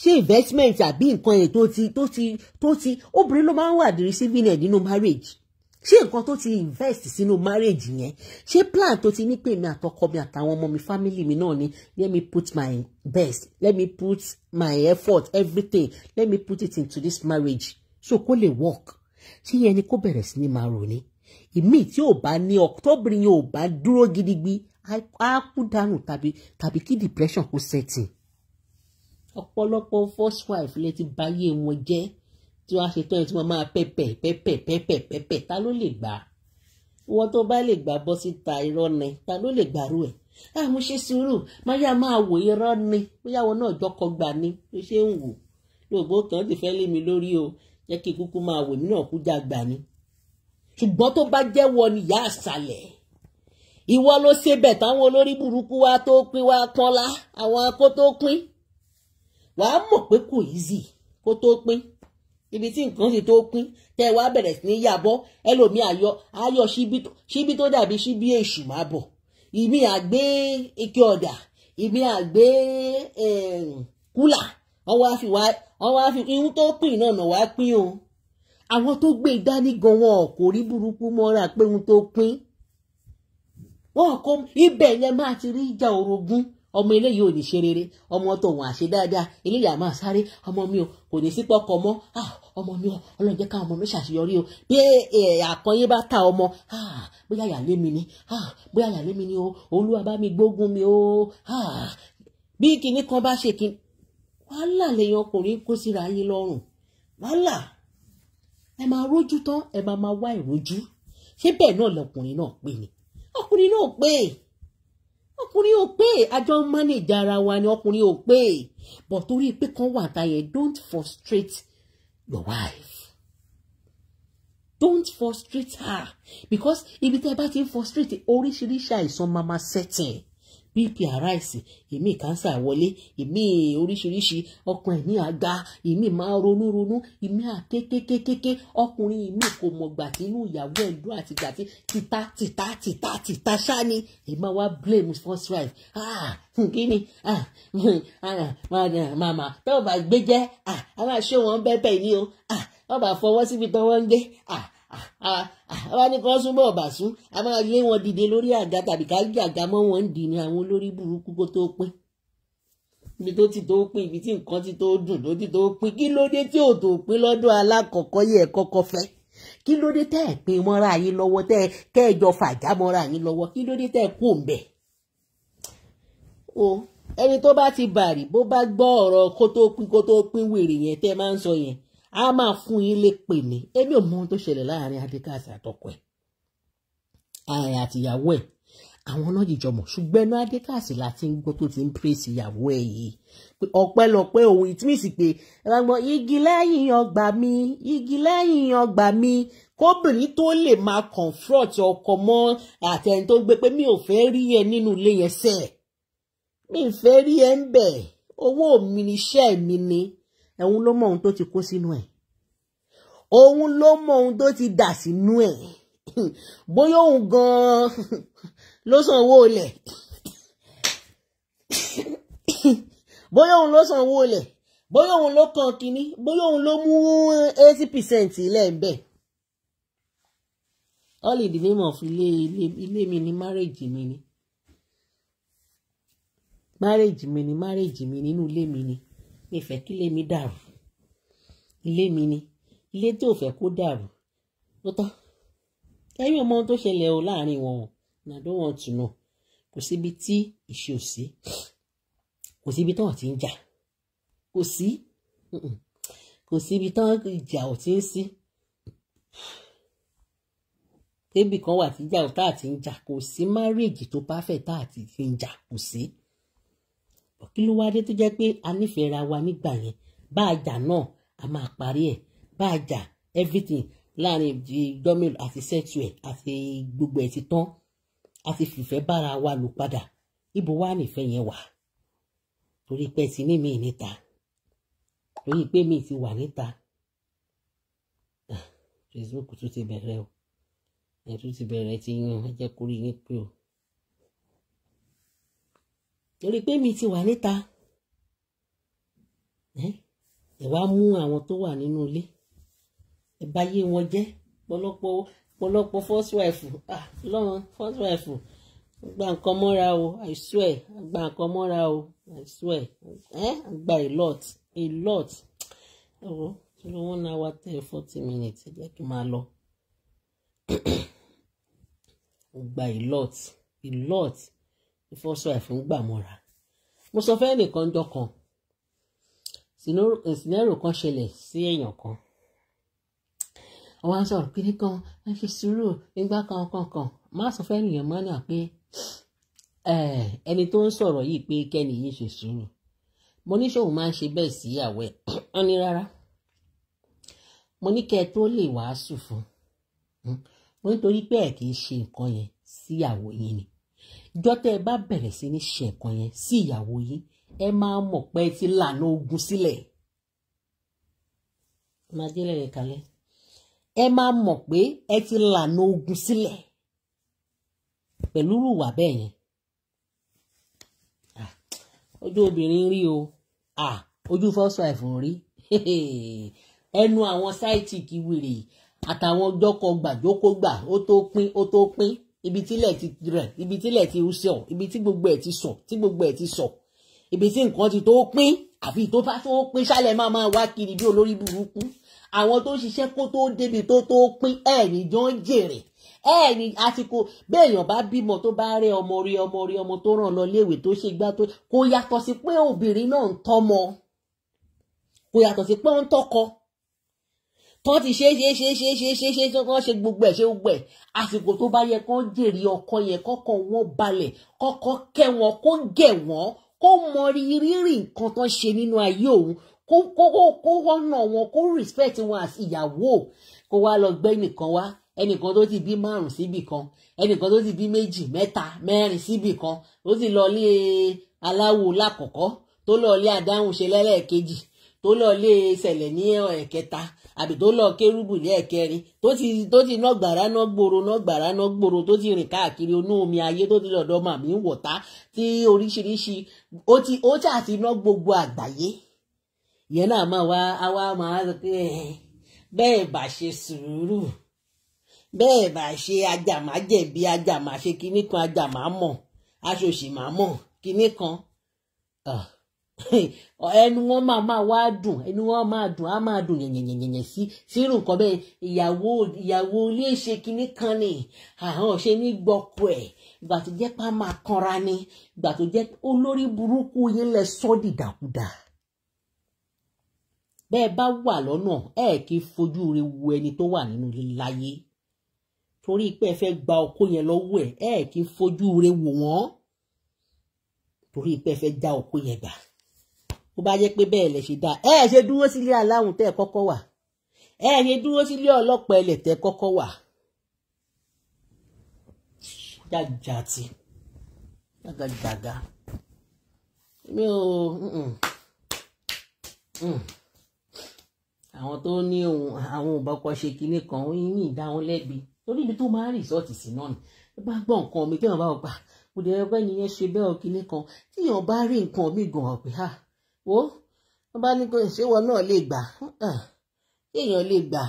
ṣé investment àbí nǹkan ẹ̀ tó ti tó ti tó ti obìnrin ló máa ń wà di receiving end nínú marriage ṣé nǹkan tó ti invest sínú marriage yẹn ṣé plan tó ti ní pé mi àtọkọ mi àtàwọn ọmọ mi family mi náà ni let me put my best let me put my effort everything let me put it into this marriage so kó lè work ṣé yẹn ni kó bẹ̀rẹ̀ sí ni máa rò ní ìmíì tí ò bá ní ọkùtọ́bìnrin yẹn ò bá dúró gidigbi á kú dànù tàbí tàbí kí depression kó sẹ́tì. ọ̀pọ̀lọpọ̀ first wife lè ti báyé wọn jẹ́ tí wọ́n á ṣe tán ẹ̀ tí wọ́n máa pẹ́pẹ́ pẹ́pẹ́ pẹ́pẹ́ pẹ́pẹ́ ta ló lè gbà á wọ́n tó bá lè gbà bọ́ síta irọ́ ni ta ló lè gbàrú ẹ̀ ẹ mo ṣe sùúrù máyà máa wò irọ́ ni bóyá wọn náà jọkọ gbà ni ló ṣe ń wò lóògbó kan ti fẹ́ lé mi lórí o jẹ́ kí kúkú máa wèmí náà kú jágbá ni ṣùgbọ́n tó bá jẹ́ wọ ni ìyá àṣàlẹ̀ ìwọ ló ṣe bẹ̀ táwọn olórí burúkú wa tó pín wa pọ́nlá àwọn akó tó pín wàá mọ̀ pé kò easy kó tó pín ibi tí nǹkan sì tó pín tẹ wá bẹ̀rẹ̀ sí ní yàbọ̀ ẹlòmíì ayọ̀ ayọ̀ síbi tó dàbí síbi èṣù má bọ̀ ìmí àgbé ike ọ̀dà ìmí àgbé eh, kúlà. Eh, wọ́n wá fi wá wọ́n fi irun tó pín náà nà wá pín o àwọn tó gbé e dání gan wọn kò rí burúkú mọ́ra pé irun tó pín wọn kò ibẹ̀ yẹn máa ti rí ìjà orogún ọmọ eléyìí ò ní ṣe rere ọmọ tòun àṣe dáadáa eléyìí àmọ́ sáré ọmọ mi ò kò ní sí pọkọ mọ́ ọmọ mi ò ọlọ́run jẹ́ káwọn ọmọ mi ṣàṣeyọrí o bí àkànyé bá ta ọmọ bóyá àyàlé mi ni bóyá àyàlé mi ni o olúwa bá mi gbógun mi o bí kinní kan bá ṣe kinní wàhálà lèèyàn ọkùnrin kó síra yín lọ́rùn wàhálà ẹ máa rójú tán ẹ máa máa wá ìrójú ṣé bẹ́ẹ̀ náà lọkùnrin náà pè ní ọkùnrin náà pè ọkùnrin ò pè àjọ mánéjà ara wa ni ọkùnrin ò pè bọ̀ torí pé kan wà táyẹn don't frustrate your wife don't frustrate her because ibi tí ẹ bá ti ń frustrate oríṣiríṣi àìsàn máa máa settle bp arise èmi kánsà wọlé èmi oríṣiríṣi ọkàn ẹ̀mí àga èmi máa ronú ronú èmi àkékékékéké ọkùnrin èmi kò mọ̀gbà tínú ìyàwó ẹ̀ dúró àti gbà tí tita títà títà títà ṣáni èmi máa wá blame first wife ah kí ni ah, ah màmá tọ́wọ́ bá gbé jẹ́ ah a máa ṣe wọn bẹ́ẹ̀ bẹ́ẹ̀ ni o ah wọ́n bá fọwọ́ síbi tán wọ́n ń gbé ah àwa ah, ah, ah, ní kó sún bọ̀ sún a máa lé wọn dìde lórí àga tàbí ká yí àga mọ́ wọn dì ní àwọn olórí burúkú kó tó pín ibi tó ti tó pín ibi tí nǹkan ti tó dùn ló ti tó pín kí ló dé tí ò tó pín lọ́dọ̀ alákọ̀ọ́kọ́ yẹ kọ́kọ́ fẹ́ kí ló dé tẹ́ ẹ̀ pín mọ́ra yín lọ́wọ́ tẹ́ ẹ kẹ́ẹ̀jọ fàjà mọ́ra yín lọ́wọ́ kí ló tẹ́ ẹ kú òǹbẹ̀. o ẹni tó bá ti bàrí bó bá gbọ́ ọ̀rọ̀ kó tó pín kó tó pín wèrè yẹn tẹ́ máa ń sọ yẹn a máa fún yín lépè ní èmi ò mọ ohun tó ṣẹlẹ̀ láàrin adékàsí àtọkọ ẹ̀ ààrẹ àtìyàwó ẹ̀ àwọn náà jìjọ mọ̀ ṣùgbọ́n ẹnu adékàsí la ti ń gbọ́ tó ti ń pèsè ìyàwó ẹ̀ yìí ọpẹ́lọpẹ́ òun ìtúmísì pé ẹ bá gbọ́ igi lẹ́yìn ọgbà mi igi lẹ́yìn ọgbà mi kóbìnrin tó lè máa confront ọkọ mọ́ àtẹni tó gbé pé mi ò fẹ́ rí ẹ nínú ilé yẹn sẹ́ẹ̀ mi ò fẹ́ rí ẹ ń bẹ̀ owó mi ni iṣẹ́ mi ni òun ló mọ ohun tó ti kó sínú ẹ̀ òun ló mọ ohun tó ti dà sínú ẹ̀ bóyá òun gan-an ló san owó olẹ̀ bóyá òun ló san owó olẹ̀ bóyá òun ló kan kínní bóyá òun ló mú eighty percent ilẹ̀ ń all in the name of ilé ilé ilé mi ni marriage mi ni marriage mi ni marriage mi nínú ilé mi ni mi fẹ́ kí ilé mi dàrú ilé mi ni ilé tí ò fẹ́ kó dàrú ó tán ẹ̀yin ò mọ ohun tó ṣẹlẹ̀ o láàrin wọn o nàdó wọn tù náà kò síbi tí ìṣe ò sí kò síbi tán ti ń jà kò sí kò síbi tán ìjà ò ti ń sí tébì kan wà tí ìjà ò tá àti ń jà kò sí márèèjì tó bá fẹ́ tá àti fi ń jà kò sí kí ló wáá dé tó jẹ́ pé a nífẹ̀ẹ́ ra wa nígbà yẹn bá a jà náà a máa parí ẹ̀ bá a jà everything láàrin gọ́mìl àti sẹ́tù ẹ̀ àti gbogbo ẹ̀ ti tán a ti fìfẹ́ bára wa lò padà ibo wá nífẹ̀ yẹn wà torí pé ti ní mi níta torí pé mi ti wà níta ah, Facebook tún ti bẹ̀rẹ̀ o ẹ̀ tún ti bẹ̀rẹ̀ ti yan ẹ jẹ́ kó rí pé o torí pé mi ti wà níta ẹ wá mú àwọn tó wà nínú ilé ẹ bá yé wọn jẹ́ pọ̀lọpọ̀ pọ̀lọpọ̀ first wife ah lọ́run first wife gba nǹkan mọ́ra o i swear gba nǹkan mọ́ra o i swear Eh? gba a lot a lot ọ̀rọ̀ tí wọ́n náà wá tẹ̀ forty minutes ẹ jẹ́ kí n máa lọ gba a lot a lot ìfọṣọ ẹ̀fún gbà mọ́ra mo sọ fẹ́ nìkan jọ kan sinero eh, kan ṣẹlẹ̀ sí èèyàn kan àwọn aṣọ òkìní kan ẹ fi sùúrù nígbà kan kankan má sọ fẹ́ nìyẹn mọ́nà pé eh, ẹni tó ń sọ̀rọ̀ yìí pé kẹ́ni yìí ṣe sùúrù mo ní ṣòun máa ń ṣe bẹ́ẹ̀ sí ìyàwó ẹ̀ ọ́n ní rárá mo ní kẹ́ ẹ tó lè wàásù fún hmm? mo nítorí pé ẹ̀ kì í ṣe nǹkan yẹn síyàwó yín ni jọ́tẹ́ ẹ bá bẹ̀rẹ̀ sí ní ṣẹ̀kan yẹn sí ìyàwó yín ẹ máa mọ̀ pé ẹ ti lànà ogun sílẹ̀ máa délẹ̀ rẹ̀ kalẹ̀ ẹ máa mọ̀ pé ẹ ti lànà ogun sílẹ̀ pẹ̀lú rúwà bẹ́ẹ̀ yẹn ojú obìnrin rí o ojú fọ́sọ̀ẹ̀fù rí ẹnu àwọn sáìtì kí wèrè àtàwọn ọjọ́ kan gbàjókòó gbà ó tó pín ó tó pín ibi tílẹ̀ ti rẹ̀ ibi tílẹ̀ ti ṣe ọ̀ ibi tí gbogbo ẹ̀ ti sọ̀ tí gbogbo ẹ̀ ti sọ̀ ibi tí nǹkan ti tó pín àfi tó bá tó pín ṣálẹ̀ máa máa wá kiri bí olórí burúkú àwọn tó ṣiṣẹ́ kó tó débi tó tó pín ẹ̀ẹ́nì jọ ń jèrè ẹ̀ẹ́nì àsìkò béèyàn bá bímọ tó bá rẹ ọmọ rí ọmọ rí ọmọ tó ràn lọ léèwé tó ṣe gbá tó kò yàtọ̀ sí pé obìnrin náà ń tọ́mọ kò yàtọ̀ sí pé ó ń tọ́kọ tó ti ṣe ṣe ṣe ṣe ṣe ṣe ṣe tó wọ́n ṣe gbogbo ẹ̀ ṣe gbogbo ẹ̀ àsìkò tó bá yẹ kó jèrè ọkọ yẹn kọ́kọ́ wọn balẹ̀ kọ́kọ́ kẹ́ wọn kó gẹ̀ wọ́n kó mọ rírì nǹkan tó ń ṣe nínú ayé òun kó kó kó wọ́nà wọn kó respect wọn as ìyàwó kó wá lọ gbẹ́ nìkan wá ẹnìkan tó ti bí márùn síbì kan ẹnìkan tó ti bí méjì mẹ́ta mẹ́rin síbì kan tó ti lọ lé aláwo lákọ̀ọ́kọ́ tó lọ lé adáhùn ṣe lẹ́lẹ́ẹ̀kejì tó lọ lé ṣẹlẹ̀ ní ẹ̀kẹta àbí tó lọ kérúbù ní ẹ̀kẹrin tó ti tó ti ná gbàrà ná gbòòrò ná gbàrà ná gbòòrò tó ti rìn káàkiri onú omi ayé tó ti lọ́dọ̀ màmí wọ̀tá tí oríṣiríṣi ó ti ó tà ti ná gbogbo àgbáyé ìyẹn náà máa wá á wá máa sọ pé bẹ́ẹ̀ bá ṣe sùúrù bẹ́ẹ̀ bá ṣe ajàmájẹ̀bi ajàmáṣe kinní kan ajàmámọ̀ aṣòṣì máa mọ̀ kinní kan. Uh. ẹnu wọn máa máa wá dùn ẹnu wọn máa dùn á máa dùn yẹ̀yẹ̀yẹ̀yẹ̀ sí sírù nǹkan bẹ́ẹ̀ ìyàwó ìyàwó ilé ìṣe kinní kan ni àwọn ṣe ní gbọ́kọ ẹ̀ ìgbà tó jẹ́ pé a máa kanra ni ìgbà tó jẹ́ olórí burúkú yín lẹ sọ́ dìdàkudà bẹ́ẹ̀ bá wà lọ́nà ẹ̀ kì í fojú rẹ wo ẹni tó wà nínú láyé torí pé ẹ fẹ́ gba ọkọ yẹn lọ́wọ́ ẹ̀ ẹ̀ kì í fojú rẹ wò wọ́n torí pé ẹ fẹ́ já ọkọ yẹn gbà bó bá yẹ pé bẹ́ẹ̀ lẹ̀ ṣe dáa ẹ ẹ ṣe dúró sílé aláwùn tẹ́ ẹ kọ́kọ́ wà ẹ ẹ ṣe dúró sílé ọlọ́pàá ẹlẹ̀ tẹ́ ẹ kọ́kọ́ wà. jàjàtì jàgàjàgà mi ò mm. àwọn tó ní àwọn òbọkọ ṣe kinní kan yín ìdá wọn lẹ́bi torí ibi tó máa ń rìsọ́ọ̀tì sí náà ni ẹ bá gbọ́ nǹkan mi kí wọ́n bá wọ́n gbà kò dé ẹgbẹ́ nìyẹn ṣe bẹ́ẹ̀ kinní kan tíyàn bá rí nǹkan mi gan-an ah, ha wo wọ́n bá ní pé ṣéwọ náà lè gbà kéèyàn lè gbà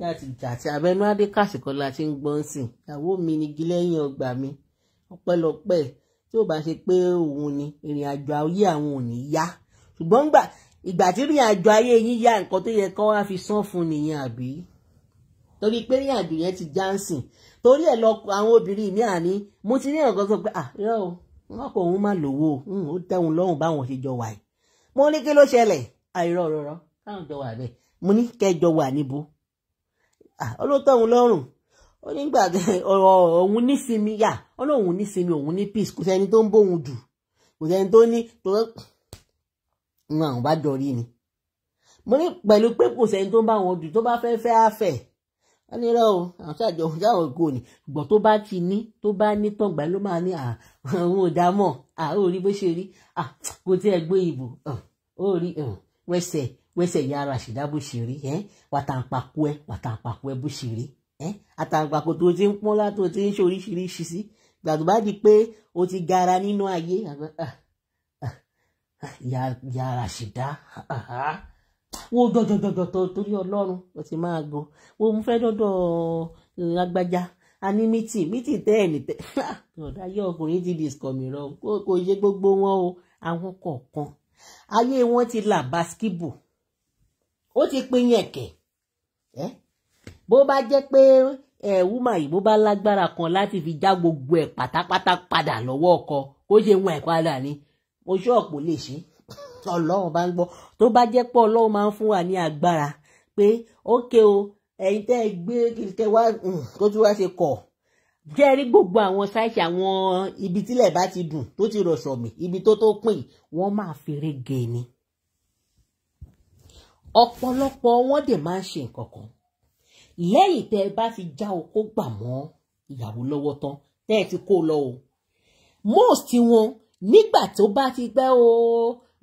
láti jà tí abẹnú adé kàṣíkọ la ti ń gbọ́n sí ìyàwó mi ni gilẹ́yìn ọgbà mi ọpẹ́lọpẹ́ tí ò bá ṣe pé òun ni ìrìn àjò ayé àwọn ò ní yá ṣùgbọ́n gbà ìgbà tí ìrìn àjò ayé yín yá nǹkan tó yẹ kó wá fi san fún nìyẹn àbí torí pé ìrìn àjò yẹn ti já ń sìn torí ẹ̀ lọ àwọn obìnrin mi àní mo ti rí ẹ̀kan sọ pé ah irọ́ wọn kò òun má lówó ó tẹ́hun lọ́rùn báwọn ṣe jọ wà yìí mo ní kí ló ṣẹlẹ̀ àìrọ̀ rọ̀rọ̀ káwọn jọ wà bẹ́ẹ̀ mo ní kẹjọ wà níbo olóòótọ́ òun lọ́rùn ó nígbà ọ̀rọ̀ òun nísinmi yà ọlọ́run nísinmi òun ní peace kò sẹ́ni tó ń bóun dù kò sẹ́ni tó ní tó ń àwọn bá jọ rí ni mo ní pẹ̀lú pé kò sẹ́ni tó ń bá wọn dù tó bá fẹ́ fẹ́ á fẹ́ wọ́n ní rọ́ o àwọn ṣàjọ táwọn kò ní gbọ́n tó bá ti ní tó bá ní pọ̀ngbà ló máa ní àwọn ò dá mọ̀ àwọn ò rí bó ṣe rí kò tí ẹ gbé ìbò ó rí wẹ́sẹ̀ wẹ́sẹ̀ yàrá ṣìdá bó ṣe rí wàtàǹpàkú ẹ wàtàǹpàkú ẹ bó ṣe rí àtàǹpàkú tó ti ń pọ́n látò tí ń ṣe oríṣiríṣi sí gbàdúrà bá di pé o ti gara nínú ayé yàrá ṣìdá wo jọjọjọjọ tó torí ọlọ́run ló ti máa gbọ́ wo mo fẹ́ dọ́dọ̀ eh, agbájá a ní mítì mítì tẹ́ ẹ̀ nìtẹ́ ah, ọ̀dà yẹ ọkùnrin ti dìskọ̀ mìíràn kò yẹ gbogbo wọn o àwọn kọ̀ọ̀kan ayé wọn ti là báskìbù ó ti pín yẹ̀kẹ̀ ẹ́ bó bá jẹ́ pé ẹ̀ eh, wúmà yìí bó bá lágbára kan láti fi já gbogbo ẹ̀ pátápátá padà lọ́wọ́ ọkọ kó ṣe wọn ẹ̀ padà ni mo ṣọ́ọ̀pù lè ṣe ọlọ́run bá ń gbọ́ tó bá jẹ́ pé ọlọ́run máa ń fún wa ní agbára pé ókè o ẹ̀yin tẹ́ ẹ gbé kìkẹ́ wá tó tún wá ṣe kọ̀ jẹ́ rí gbogbo àwọn sáìsì àwọn ibi tílẹ̀ bá ti dùn tó ti rọ̀ sọ̀mì ibi tó tó pín wọ́n máa fèrè gè ni ọ̀pọ̀lọpọ̀ wọn dẹ̀ máa ń ṣe nǹkan kan lẹ́yìn tẹ́ ẹ bá ti já okó gbà mọ́ ìyàwó lọ́wọ́ tán tẹ́ ẹ ti kó lọ o most wọn nígbà tó bá ti gbẹ́ o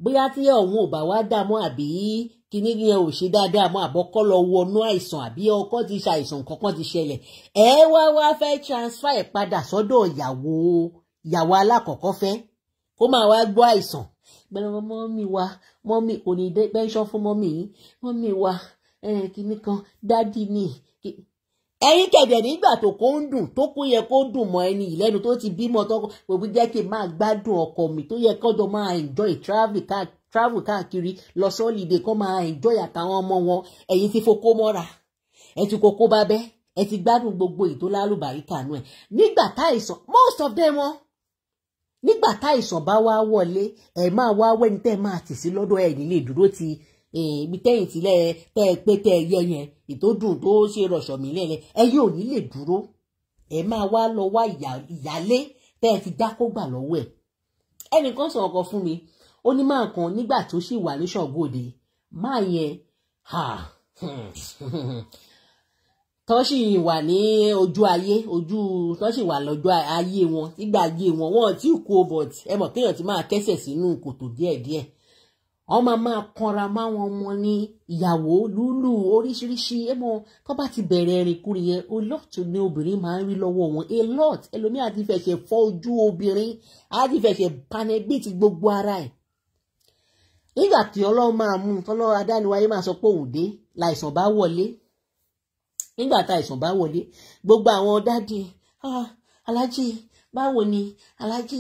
bóyá tí ọ̀hún ò bá wá dààmú àbí kíní yẹn ò ṣe dáadáa mọ́ àbọ̀kọ́ lọ wọnú àìsàn àbí ọkọ ti ṣe àìsàn kankan ti ṣẹlẹ̀ ẹ wá wá fẹ́ transfer ẹ̀ padà sọ́dọ̀ ìyàwó ìyàwó alákọ̀ọ́kọ́ fẹ́ kó máa wá gbọ́ àìsàn gbẹ̀rẹ̀ mọ́mí wa mọ́mí kò ní pẹ́ńsọ́ fún mọ́mí yìí mọ́mí wa kíní kan dádì ni ẹ̀yin kẹ̀dẹ̀ nígbà tó kó ń dùn tó kó yẹ kó dùn mọ́ ẹni ìlẹ́nu tó ti bímọ tọkọ gbogbo jẹ́ kí n máa gbádùn ọkọ mi tó yẹ kọ́dọ̀ máa enjoy travel travel káàkiri lọ sọ́ọ̀lìdè kọ́ máa enjoy àtàwọn ọmọ wọn ẹ̀yin ti fokó mọ́ra ẹ̀ ti kókó bá bẹ́ ẹ̀ ti gbádùn gbogbo ètò lálùbáríkà nù ẹ̀ nígbà táìsàn most of them wọn nígbà táìsàn bá wá wọlé ẹ̀ máa wá wẹ́ni tẹ́ máa tì sí lọ́dọ̀ ẹ̀ nílé dúró ti ibi tẹ́yìn sílẹ̀ tẹ́ ẹ pé tẹ́ ẹ yẹ yẹn ìtòdùn tó ṣe rọ̀ṣọ̀ mí lẹ́lẹ̀ ẹ yóò ní lè dúró ẹ máa wá lọ wá ìyálé tẹ́ ẹ ti dákó gbà lọ́wọ́ ẹ̀ ẹnìkan sọ̀rọ̀ kan fún mi ó ní máa kan nígbà tó ṣì wà ní ṣọ̀gbọ́dẹ máa yẹn hmm, tán sì wà ní ojú ayé ojú tán sì wà lọ́jọ́ ayé wọn nígbà ayé wọn wọn tí kú obọ̀t ẹ mọ̀ kéèyàn ti máa kẹ́sẹ̀ sínú kòtò díẹ̀díẹ̀ wọn máa máa kanra máwọn ọmọ ní ìyàwó lúlù oríṣiríṣi ẹmọ tó bá ti bẹ̀rẹ̀ ẹ̀rìnkúrì yẹn o lọ́ọ̀tù ni obìnrin máa ń rí lọ́wọ́ wọn a lot ẹlòmíà ti fẹ̀ṣẹ̀ fọ́ ojú obìnrin á ti fẹ̀ṣẹ̀ panẹ́bìtì gbogbo ara ẹ̀ nígbà tí ọlọ́run máa mú un tọ́lọ́ adániwáyé máa sọ pé òun dé láìsàn bá wọlé nígbà tá àìsàn bá wọlé gbogbo àwọn dádì ah, aláàjì báwo ni aláàjì